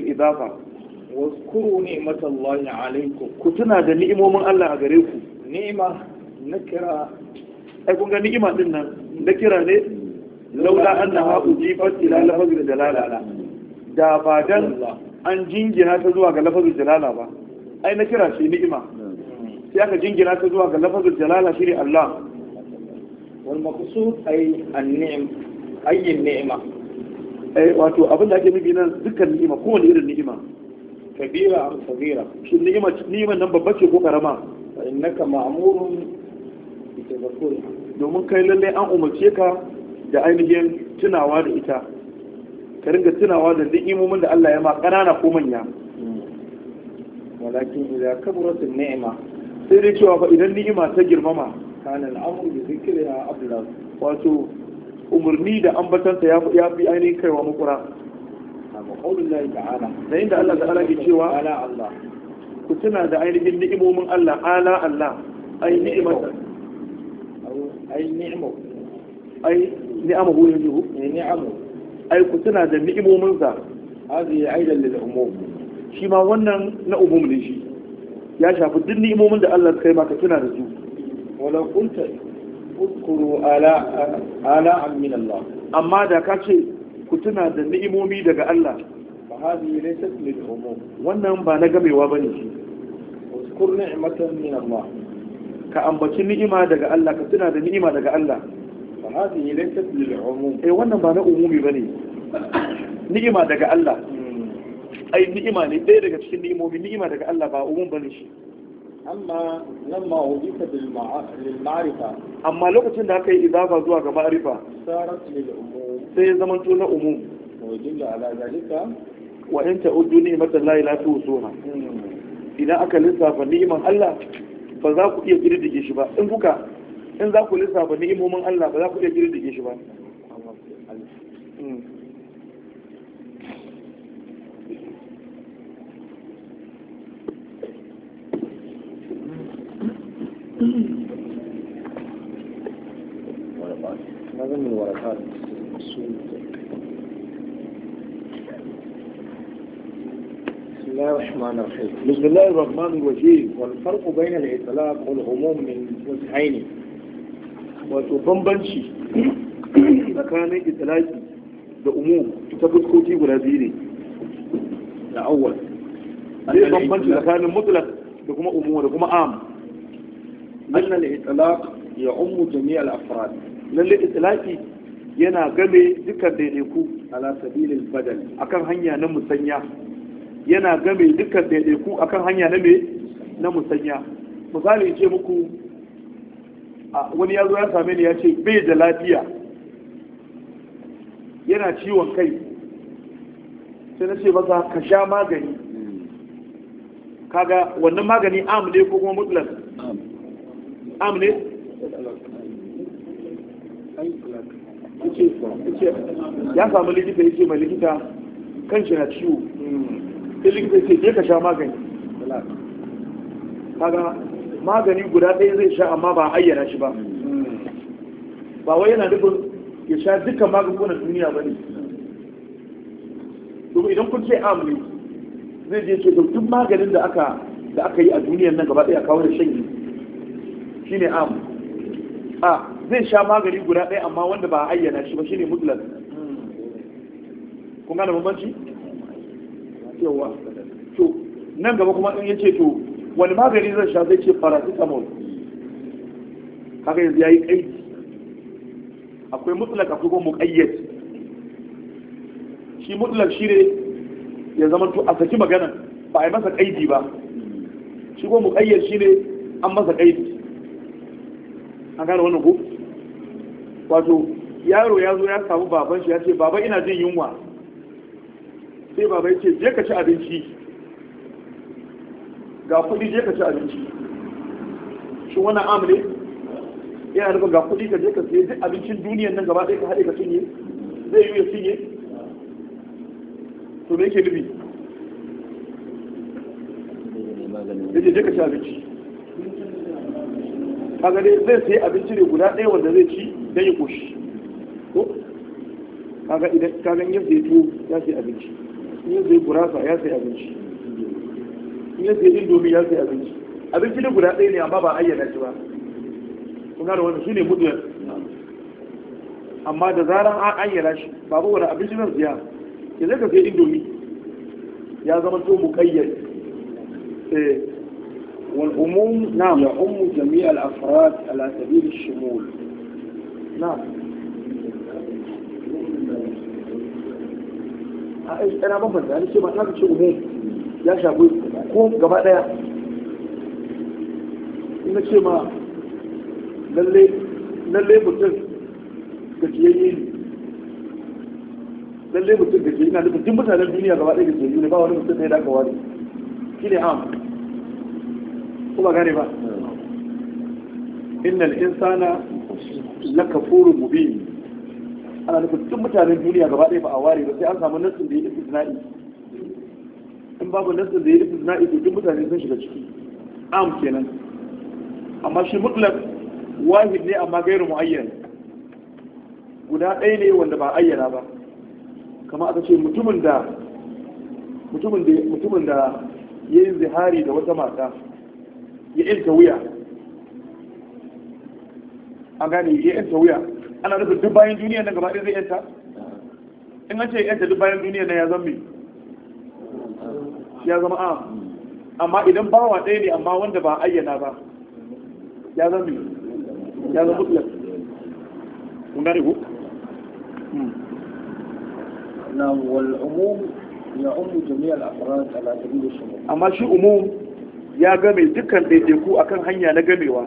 waskuru ni'matallahi alaiko. ku tuna da ni'imomin Allah a gare ku ni'ima na kira ai kun ga ni'ima din nan na kira ne laula annaha ujibat ila lafazil jalala da ba dan an jingina ta zuwa ga lafazil jalala ba ai na kira shi ni'ima sai aka jingina ta zuwa ga lafazil jalala shi ne Allah wal maqsud ai an niim ayyin ni'ima eh, wato abin da ake nufi nan dukkan ni'ima kowane irin ni'ima kabira am sagira shi ni'imar ma nan babba ce ko karama innaka ma'murun bi tadhkuri domin kai lalle an umarce ka da ainihin tunawa da ita ka ringa tunawa da ni'imomin da Allah ya ma ƙanana ko manya hmm. walakin idan kaburat nima. sai dai cewa fa idan ni'ima ta girmama kana al'amru bi zikriha abla wato umarni da ambatanta ya fi ainihin kaiwa makura da inda Allah ta'ala ke cewa ku tuna da ainihin ni'imomin Allah ala Allah ai ni'imata ai ni'imu ai ni'amu hu yanzu eh, ni'amu ai ku tuna da ni'imomin sa hadi aidan lil umum shi ma wannan na umum ne shi ya shafi duk ni'imomin da Allah kai maka tuna da su wala kunta ala ala min Allah amma da ka ce ku tuna da ni'imomi daga Allah fa hadhihi laysat wannan ba na gamewa bane shi ni'matan min Allah ka ambaci ni'ima daga Allah ka tuna da ni'ima daga Allah fa hadhihi laysat umum eh wannan ba na umumi bane ni'ima daga Allah hmm. ai ni'ima ne ɗaya daga cikin ni'imomi ni'ima daga Allah ba umum bane shi amma bil ma'arifa amma lokacin da aka yi idafa zuwa ga ma'arifa sarat lil umum sai ya zama na umu wa in ta'uddu ni'matan la idan aka lissafa ni'iman Allah ba za ku iya girdige shi ba in kuka in za ku lissafa ni'imomin Allah ba za ku iya girdige shi ba you. بسم الله الرحمن الرحيم بسم الله الرحمن الرحيم والفرق بين الاطلاق والهموم من وجهين وتضم بنشي إذا كان إطلاقي بأموم تتبت كوتي برازيلي الأول تضم بنشي إذا كان مطلق بكم أمور بكم عام لان الإطلاق يعم جميع الأفراد لأن الإطلاقي yana game duka daidaiku ala sabilil badal akan hanya na musanya yana game duka daidaiku akan hanya na me na musanya misali ce muku wani ya zo ya same ni ya ce bai da lafiya yana ciwon kai sai na ce maza ka sha magani kaga wannan magani am ne ko kuma mutlak am ne ya samu likita ya ce mai likita kan shi na ciwo sai likita ce je ka sha magani kaga magani guda ɗaya zai sha amma ba ayyana shi ba ba wai yana nufin ya sha dukkan magungunan duniya ba ne domin idan kun ce amuri zai je ce duk maganin da aka yi a duniyar nan gaba ɗaya kawo da shan yi shine am a zai sha magani guda ɗaya amma wanda ba a ayyana shi ba ne mutlak kun gane bambanci yawa to nan gaba kuma in yace to wani magani zai sha zai ce paracetamol kaga yanzu yayi kai akwai mutlak akwai kuma muqayyad shi mutlak shi ne ya zama to a saki magana ba a yi masa kaidi ba shi kuma muqayyad shi ne an masa kaidi an gane wani ko wato yaro ya zo ya samu baban shi ya ce baba ina jin yunwa sai baba ya ce je ka ci abinci ga kudi je ka ci abinci shi wannan amule yana nufin ga kudi ka je ka sai duk abincin duniyan nan gaba ɗaya ka haɗe ka cinye zai yi ya cinye to me yake nufi ya je ka ci abinci kaga dai zai sai abinci ne guda ɗaya wanda zai ci dan ya koshi ko kaga idan kaga yin zai tuwo ya sai abinci yin zai gurasa ya sai abinci yin zai indomi ya sai abinci abinci ne guda ɗaya ne amma ba ayyana shi ba kun gane wannan shine mudiyar amma da zaran an ayyana shi babu wani abinci zan siya ya zai ka sai indomi ya zama to muƙayyar eh والعموم نعم يعم جميع الأفراد على سبيل الشمول نعم أنا ما فهمت أنا شو ما أنا شو عموم يا شابوي قوم قبل ده إن شو ما للي للي بتر كتيرين lallai mutum da أنا بتجيب بس على الدنيا قبل gaba ɗaya da ke yi ne ba wani mutum da kuma gane ba innal insana lakafurun mubin ana nufin duk mutanen duniya gaba ɗaya ba a ware ba sai an samu nassin da ya yi istisna'i in babu nassin da ya yi istisna'i to duk mutane sun shiga ciki am kenan amma shi mutlaq wahid ne amma gairu muayyan guda ɗaya ne wanda ba ayyana ba kama aka ce mutumin da mutumin da mutumin da yayin zihari da wata mata ya yanta wuya an gane ya yanta wuya ana nufin duk bayan duniya nan gaba ɗaya zai yanta in an ce yanta duk bayan duniya nan ya zama ya zama a amma idan bawa ɗaya ne amma wanda ba ayyana ba ya zama ya zama mutlak kun gane ku hmm. na wal umum ya umu jami'al afrad ala sabil shumul amma shi umum ya game dukkan daidaiku a kan hanya na gamewa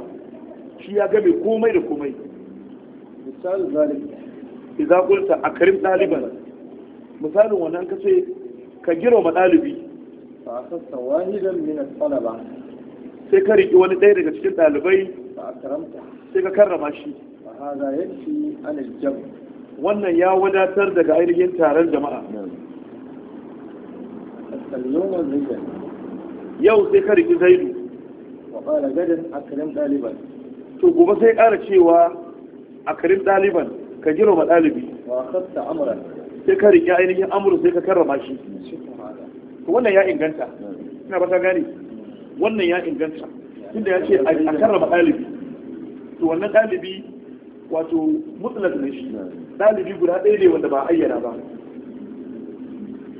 shi ya game komai da komai misalin zalim idan kulta a karim ɗaliban misalin wannan ka ce ka gira ma ɗalibi fa asasta wahidan min al ba. sai ka riƙi wani ɗaya daga cikin ɗalibai a karamta sai ka karrama shi fa hada yanfi an jam wannan ya wadatar daga ainihin taron jama'a al yau sai ka riki zaidu wa qala gadan akrim ɗaliban. to gobe sai ƙara cewa a akrim daliban ka jira ma dalibi wa khasta sai ka riki ainihin amuru sai ka karrama shi to wannan ya inganta ina ba ta gane wannan ya inganta tunda ya ce a karrama dalibi to wannan dalibi wato mutlaq ne shi dalibi guda ɗaya ne wanda ba ayyana ba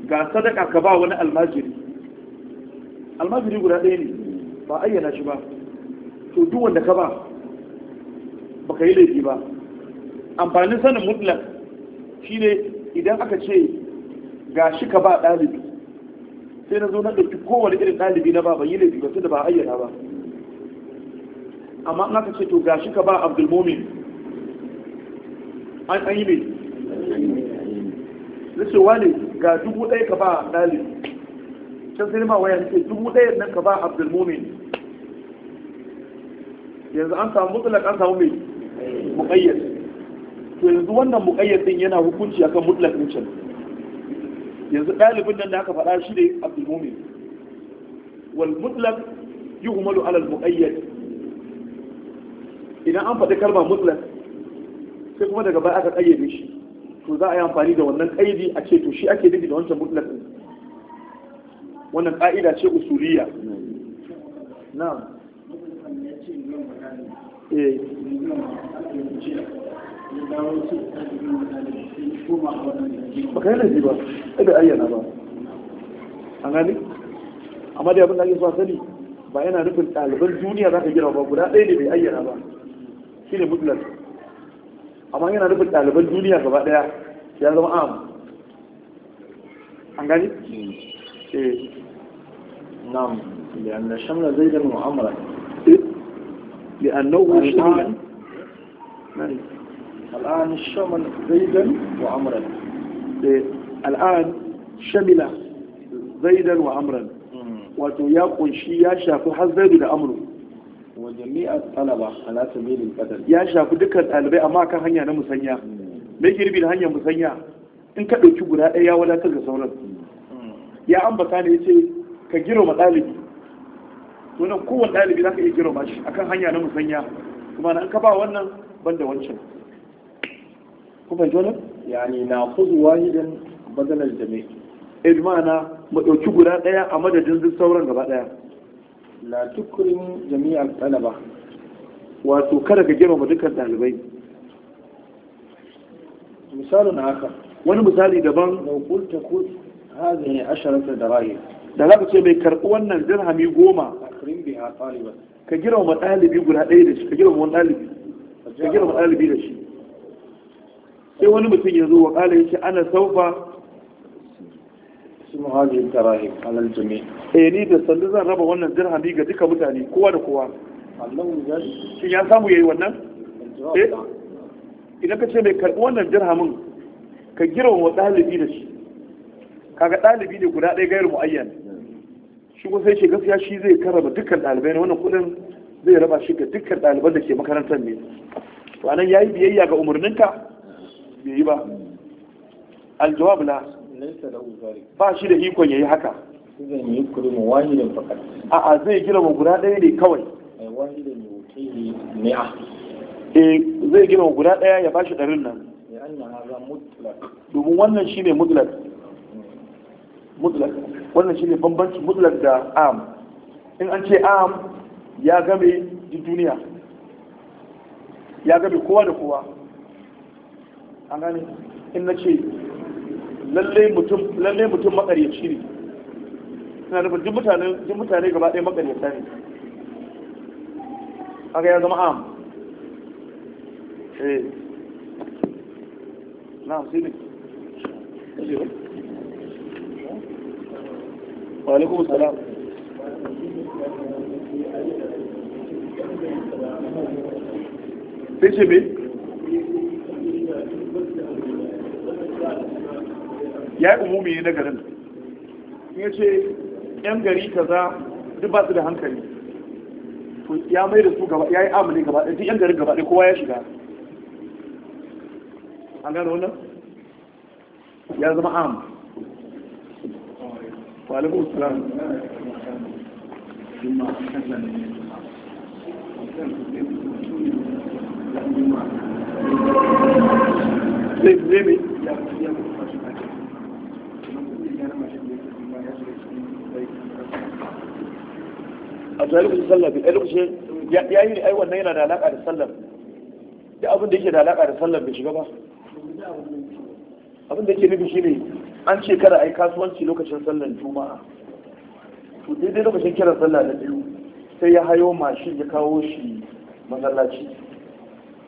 ga sadaka ka ba wani almajiri almajiri guda ɗaya ne ba ayyana shi ba to duk wanda ka ba ba ka yi laifi ba amfanin sanin mutlak ne idan aka ce ga shi ka ba ɗalibi sai na zo na ɗauki kowane irin ɗalibi na ba ban yi laifi ba sai da ba ayyana ba amma in aka ce to ga shi ka ba abdulmomin an yi ne, na ce wane ga dubu ɗaya ka ba ɗalibi can sai ma waya ce dubu ɗaya nan ka ba abdul mumin yanzu an samu mutlak an samu mai muƙayyad to yanzu wannan muƙayyad din yana hukunci akan mutlak din can yanzu ɗalibin nan da aka faɗa shi ne abdul mumin wal mutlak yuhmalu ala al muqayyad idan an faɗi kalma mutlak sai kuma daga baya aka ƙayyade shi to za a yi amfani da wannan ƙaidi a ce to shi ake nufi da wancan mutlak wannan ƙa'ida ce usuliya na'am eh. ba baka yana ji ba ɗaga ayyana ba an gani amma da abin da ake so sani ba yana nufin ɗaliban duniya za ka gina ba guda ɗaya ne bai ayyana ba shi ne mutlar amma yana nufin ɗaliban duniya gaba ɗaya ya zama am an gani? Hmm. eh نعم لأن شمل زيد المعمرة لأنه الآن الآن شمل زيدا وعمرا إيه. الآن شمل زيدا وعمرا وتياقن شي يا شافو حز زيد لأمره وجميع الطلبة على سبيل القدر يا شافو دكا الطلبة أما كان هنيا نمسنيا ما يجري بين هنيا مسنيا إن كان يشوف ولا تلقى صورة يا أم بكان يسير ka girma ɗalibi wannan kowane ɗalibi za ka iya girma shi akan hanya na musanya kuma na ka ba wannan ban da wancan kuma jona yani na kuzu wahidan badalar jami eh, ilmana mu maɗauki guda ɗaya a madadin duk sauran gaba ɗaya la tukrim jami'ar talaba wato kada ka girma dukkan ɗalibai misalin haka wani misali daban da kulta kul hadhihi da darahim da za ka ce mai karɓi wannan dirhami goma ka gira wa ɗalibi guda ɗaya da shi ka gira wa ɗalibi ka gira wa ɗalibi da shi sai wani mutum ya zo wa ƙala ya ce ana saufa su hajji tarahi alal jami eh ni da sandu zan raba wannan dirhami ga duka mutane kowa da kowa shin ya samu yayi wannan eh idan ka ce mai karɓi wannan dirhamin ka gira wa ɗalibi da shi kaga ɗalibi ne guda ɗaya gairu mu'ayyana shi kuma sai ce gaskiya shi zai karaba dukkan ɗalibai na wannan kuɗin zai raba shi ga dukkan ɗaliban da ke makarantar ne to anan yayi biyayya ga umarninka bai yi ba aljawab la ba shi da ikon yayi haka a'a zai gina guda ɗaya ne kawai eh, zai gina guda ɗaya ya bashi ɗarin nan domin wannan shi ne mutlak mutlak wannan shine bambanci mutlak da am in an ce am ya game duniya ya game kowa da kowa an gane in na ce lallai mutum makaryaci ne suna nufin duk mutane mutane gaba ɗaya makaryata ne haka ya zama am eh na sai ne wa alaikum salam sai ce me ya yi umumi ne na garin ya ce yan gari kaza duk ba su da hankali ya mai da su gaba ya yi amini gaba ɗaya duk yan garin gaba ɗaya kowa ya shiga an gano wannan ya zama amini wa ya yi ai wannan yana da alaƙa da sallah da abin da yake da alaƙa da sallah bai shiga ba abin da yake nufi shine an ce kada a yi kasuwanci lokacin sallar juma'a to daidai lokacin kiran sallah na biyu sai ya hayo mashin ya kawo shi masallaci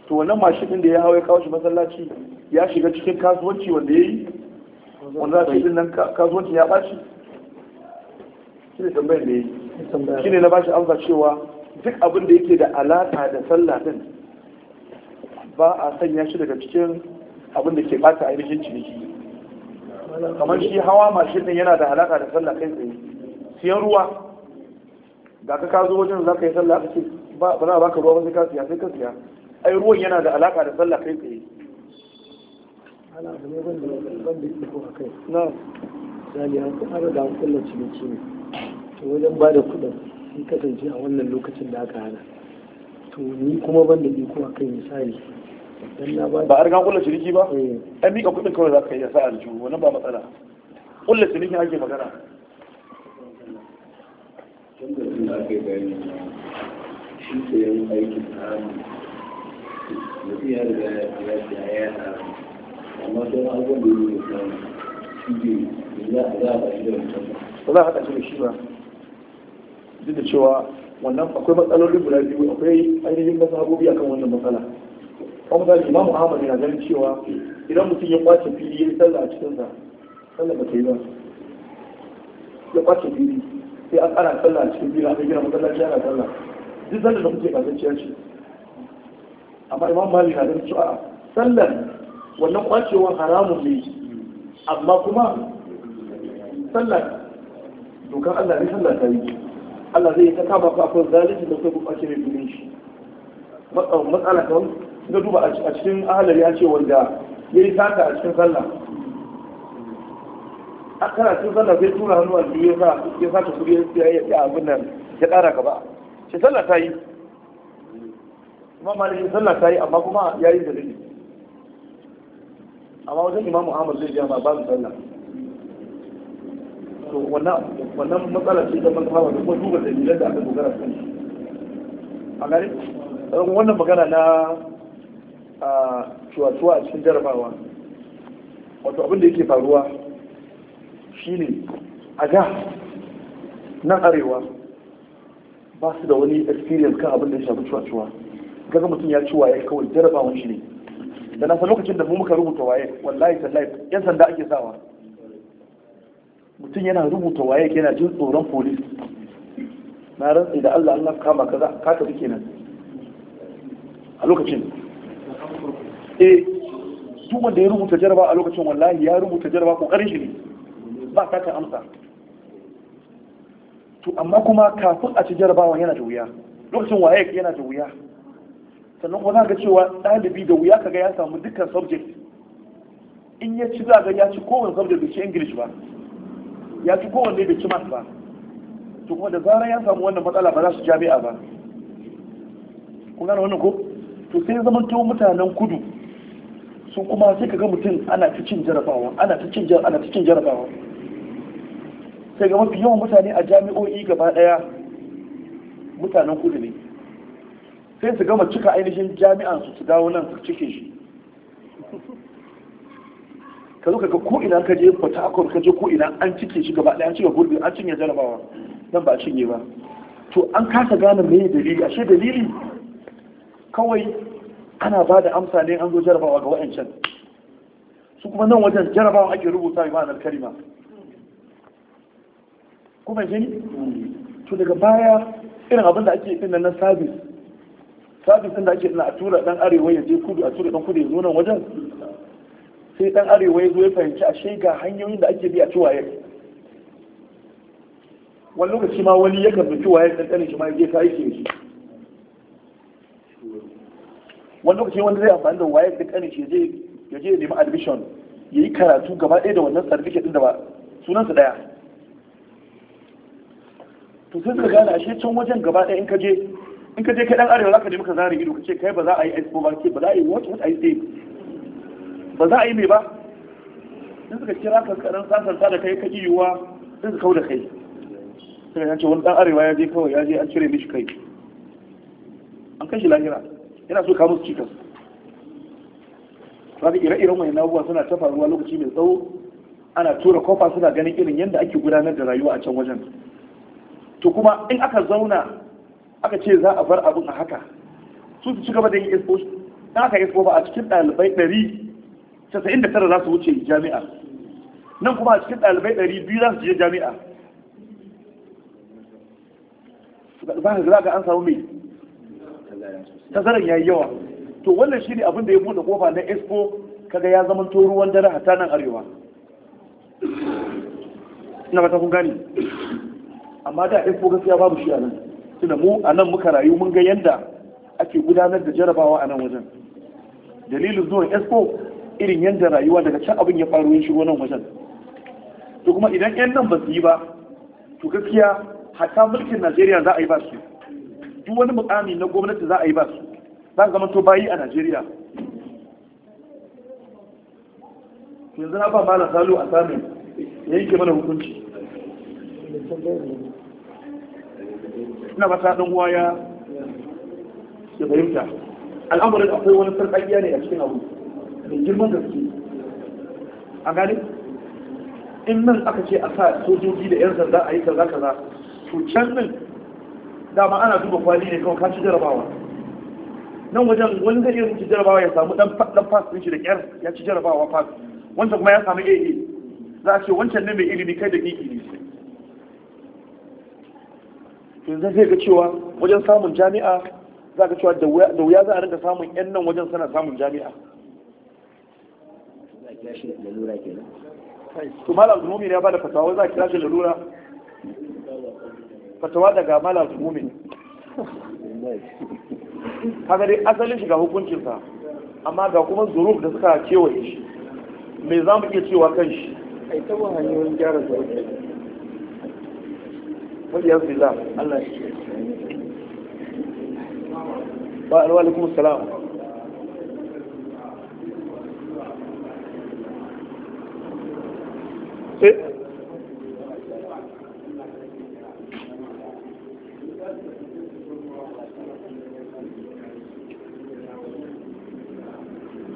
to wannan mashin din da ya hawo ya kawo shi masallaci ya shiga cikin kasuwanci wanda ya yi wanda shi din nan kasuwanci ya ɓaci shi ne tambayar da ya shi ne na bashi amsa cewa duk abin da yake da alaka da sallah din ba a sanya shi daga cikin abin da ke ɓata ainihin ciniki kamar shi hawa mashin din yana da halaka da sallah kai tsaye siyan ruwa ga ka kazo wajen za ka yi sallah ce ba za a baka ruwa ba sai ka siya sai ka siya ai ruwan yana da alaka da sallah kai tsaye misali an kuma da an kulla ciniki ne to wajen ba da kuɗin sun kasance a wannan lokacin da aka hana to ni kuma ban da iko a kai misali ba a riga kulla ciniki ba ai mika kudin kawai za ka yi sa aljihu wannan ba matsala kulla ciniki ake magana ba za a haɗa shi da shi ba duk da cewa wannan akwai matsalolin guda biyu akwai ainihin masahabobi akan wannan matsala kuma ga imamu ahmad yana ganin cewa idan mutum ya kwace fili ya yi sallah a cikin sa sallah ba ta yi ba ya kwace fili sai an kara sallah a cikin fili aka gina masallaci ana sallah duk sallah da kuke kasanciya ce amma imam mali na ganin cewa sallar wannan kwacewar haramun ne amma kuma sallar dokar Allah ne sallar ta yi Allah zai ta kama ku akwai zalunci da kuma kwace mai dubin shi matsala kawai ga duba a cikin ahalari ya ce wanda ya yi sata a cikin sallah a kana cikin sallah sai tura hannu a biyu ya sata kuri ya yi abin nan ya kara ka ba shi sallah ta yi ma malik sallah ta yi amma kuma ya yi dalili amma wajen imam muhammad zai jama su sallah to wannan matsala ce ta manta wanda kuma duba dalilan da aka dogara kan shi a gari wannan magana na a cuwa-cuwa a cikin jarabawa wato abin da yake faruwa shine a ga nan arewa ba su da wani experience kan abin da ya shafi cuwa-cuwa gaga mutum ya ci waye kawai jarabawan shi ne da nasa lokacin da mu muka rubuta waye wallahi laif, yan sanda ake sawa mutum yana rubuta waye yana jin tsoron polis na rantsi da Allah Allah kama kaza ka tafi kenan a lokacin e duk wanda ya rubuta jaraba a lokacin wallahi ya rubuta jaraba ko shi ne ba ta ta amsa to amma kuma kafin a ci jarabawan yana da wuya lokacin waye yana da wuya sannan kuma ga cewa ɗalibi da wuya kaga ya samu dukkan subject in ya ci za ga ya ci kowane subject da ci english ba ya ci kowanne da ci math ba to kuma da zarar ya samu wannan matsala ba za su jami'a ba kun gane wannan ko to sai zaman to mutanen kudu su kuma sai ka ga mutum ana ta cin jarabawa ana ta cin ana ta cin jarabawa sai ga mafi yawan mutane a jami'o'i gaba daya mutanen kudu ne sai su gama cika ainihin jami'an su su dawo nan su cike shi ka zo kaga ko ina ka je Port Harcourt ka je ko ina an cike shi gaba daya an cika gurbi an cinye jarabawa nan ba a cinye ba to an kasa gane me dalili ashe dalili kawai ana ba da amsa ne an zo jarabawa ga wa'ancan su kuma nan wajen jarabawa ake rubuta yi ma'anar kalima kuma gani to daga baya irin abin da ake yi na sabis sabis din da ake na a tura dan arewa ya je kudu a tura dan kudu ya zo nan wajen sai dan arewa ya zo ya fahimci ashe ga hanyoyin da ake bi a tuwaye wani lokaci ma wani ya fi tuwaye dan ɗanin shi ma ya je ta aiki shi wani lokaci wanda zai amfani da wayar da kanin shi ya je ya nemi admission ya yi karatu gaba ɗaya da wannan certificate ɗin da ba sunansa ɗaya to sai suka gane ashe can wajen gaba ɗaya in ka je in ka je kai ɗan arewa za ka nemi ka zare ido ka ce kai ba za a yi expo ba ce ba za a yi what what I say ba za a yi mai ba sai suka kira ka karan sasanta da kai ka iyuwa sai su kau da kai sai ka ce wani ɗan arewa ya je kawai ya je an cire mishi kai an kai shi lahira yana so kawo su cikas kaga ire-iren wani abubuwa suna ta faruwa lokaci mai tsawo ana tura kofa suna ganin irin yadda ake gudanar da rayuwa a can wajen to kuma in aka zauna aka ce za a bar abin a haka su su ci gaba da yin expo na aka expo ba a cikin ɗalibai ɗari casa'in da tara za su wuce jami'a nan kuma a cikin ɗalibai ɗari biyu za su je jami'a za ka ga an samu mai tazarar ya yi yawa to wannan shine abin da ya buɗe kofa na expo kaga ya zama to ruwan dare a nan arewa ina ba ta kun gani amma da expo gaskiya babu shi a nan tunda mu a nan muka rayu mun ga yanda ake gudanar da jarabawa a nan wajen dalilin zuwan expo irin yanda rayuwa daga can abin ya faru ya shigo nan wajen to kuma idan yan nan ba su yi ba to gaskiya hatta mulkin najeriya za a yi ba su duk wani mukami na gwamnati za a yi ba su za zama to bayi a najeriya yanzu na ba na salu a samun ya yi ke mana hukunci ina ba ta ɗan uwa ya fahimta al'amuran akwai wani sarƙaƙiya ne a cikin abu mai girman gaske a gane in nan aka ce a sa sojoji da 'yan sanda a yi kaza kaza to can nan dama ana duba kwali ne kawai kashi jarabawa nan wajen wani zai iya ci jarabawa ya samu dan dan pass shi da ƙyar ya ci jarabawa fas wancan kuma ya samu AA za a ce wancan ne mai ilimi kai da gigi e ne yanzu zai ga cewa wajen samun jami'a za ga cewa da wuya za a rinka samun yan nan wajen sana samun jami'a to malam zumumi ne ya bada fatawa za a kira shi lalura fatawa daga malam mumin kaga dai asalin shiga hukuncinsa amma ga kuma zuruf da suka kewaye shi mai za mu iya cewa kan shi a yi ba hanyoyin gyara wani wadiyar zila allah shi ba alwa alaikum salam sai eh?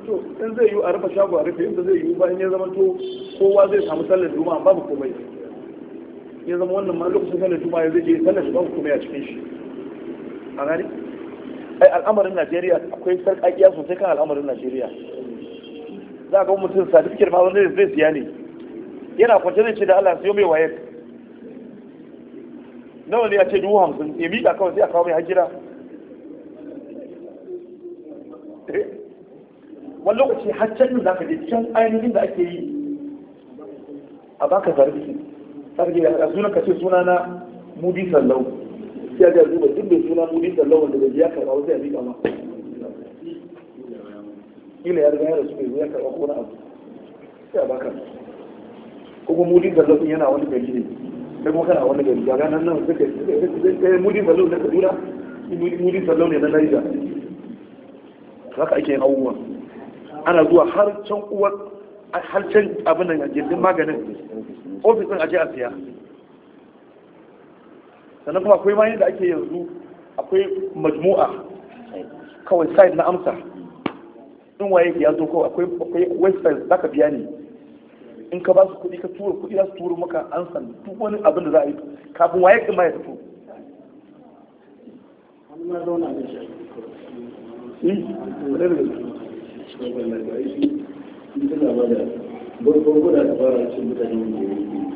to in zai yi a rufe shago a rufe inda zai yi ba in ya zama to kowa zai samu sallar juma'a babu komai ya zama wannan ma lokacin sallar juma ya zai je sallar juma babu komai a cikin shi a gani ai al'amarin Najeriya akwai sarƙaƙiya sosai kan al'amarin Najeriya za ga mutum certificate ma wani zai siya ne yana kwanci zai ce da Allah siyo mai wayar nawa ne ya ce dubu hamsin ya miƙa kawai sai a kawo mai hajjira ce har can za ka je can ainihin da ake yi a baka sarki sarki da sunan ka ce suna na mudi sallau sai ga duba duk mai suna mudi sallau wanda da ya karɓa wasu ya rika ma ila ya riga ya rasu bai ya karɓa ko na abu sai a baka kuma mudi sallau yana wani gari ne sai kuma kana wani gari ga nan nan suka sai mudi sallau na kadura mudi sallau ne na naija haka ake yin abubuwan ana zuwa har can uwar har can abin a gindin maganin ofisin aje a siya sannan kuma akwai mayan da ake yanzu akwai majmu'a kawai site na amsa in waye ya zo kawai akwai akwai website za ka biya ne in ka ba su kuɗi ka tura kuɗi za su tura maka an san duk wani abin da za a yi kafin waye ɗin ma ya tafi Mm-hmm. tana ba da babban guda ta fara cin mutane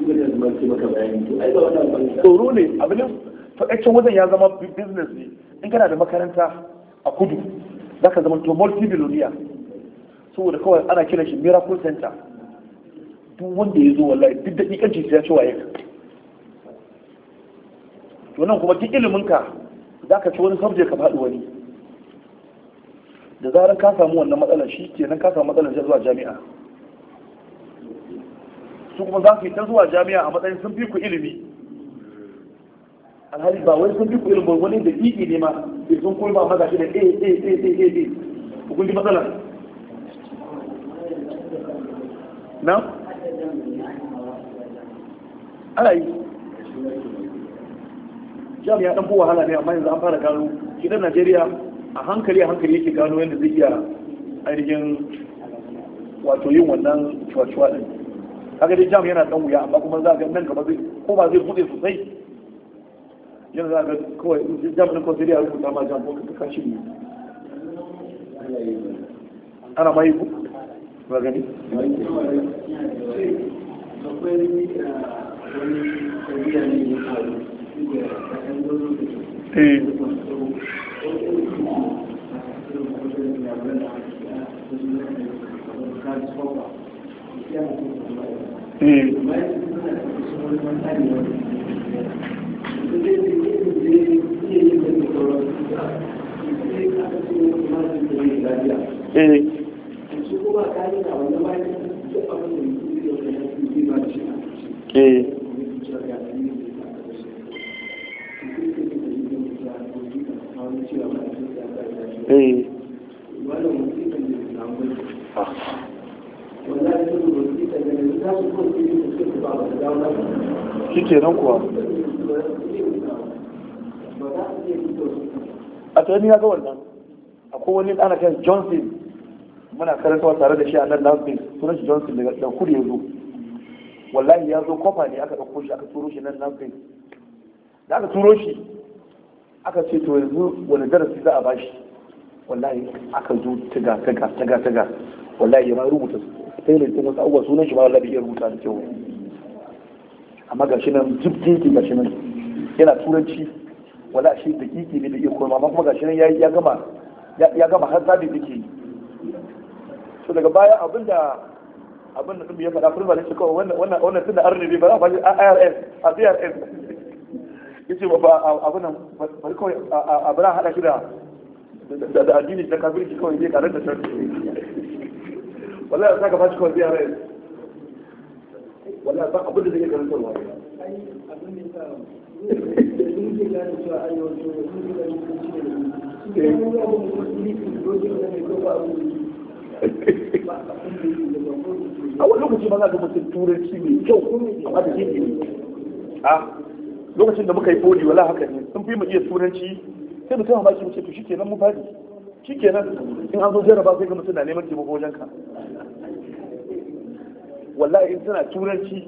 ne da zama ce maka bayani to ai ba wannan ban tsoro ne abin fadaccen wajen ya zama business ne in kana da makaranta a kudu za ka zama to multi saboda kawai ana kiran shi miracle center duk wanda ya zo wallahi duk da ikanci ya ci waye to nan kuma duk ilimin ka za ka ci wani subject ka faɗi wani da zarar ka samu wannan matsalar shi nan ka samu matsalar zuwa jami'a su kuma za su yi ta zuwa jami'a a matsayin sun fi ku ilimi alhali ba wai sun fi ku ilimi wani da fiƙi ne ma da sun kuma ba maza shi da a ku kun matsalar na ana yi jami'a ɗan fi wahala ne amma yanzu an fara gano kiɗan najeriya a hankali a hankali yake gano yadda zai iya ainihin wato yin wannan cuwa-cuwa din kaga dai jam yana dan wuya amma kuma za ga nan gaba zai ko ba zai bude sosai yana za ga kawai jam din kawai sai rubuta ma jam ko ka kashi ne ana mai ku ba gani eh Eh. eh. eh shi ke nan kuwa a tsaye ya ga wannan a wani ana kan johnson muna karantawa tare da shi a nan last week sunan shi johnson daga kudu ya zo wallahi ya zo kofa ne aka ɗauko shi aka turo shi nan last da aka turo shi aka ce to yanzu wani darasi za a bashi wallahi aka zo tiga tiga tiga tiga wallahi ya ma rubuta Sai tailor din wasu abubuwa sunan shi ba wallahi iya rubuta da kyau amma shi nan jibtiki shi nan yana turanci wala shi da kiki ne da iya kuma amma kuma shi nan ya gama ya gama har zabi dake so daga baya abinda abin da ya faɗa kurba shi kawai wannan wannan wannan tunda ne, ba za a faɗi IRS a CRS yace ba abin nan ba kawai abin haɗa shi da da addini da kafirci kawai zai karar da sarki wallahi za ka fashi kawai zai harai wallahi ba da zai a wani lokaci ba za ka mutum turanci mai kyau amma da a ah, lokacin da muka yi foli wala haka ne sun fi mu iya turanci sai mutum ya baki mace to shi kenan mun fadi shi kenan in an zo jarraba sai ga mutum na neman taimako wajen ka wallahi in suna turanci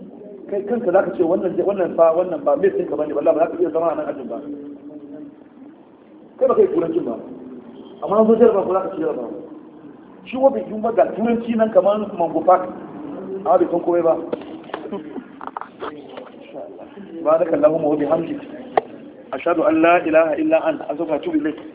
kai kanka zaka ce wannan wannan fa wannan ba mai tsinka bane wallahi ba za ka iya zama a nan ajin ba kai ba kai turanci ba amma an zo jarraba ko za ka ci jarraba shi wa bai ba ga turanci nan kamar mango park amma bai san komai ba بارك اللهم وبحمدك ashhadu an la ilaha illa an astaghfiruka wa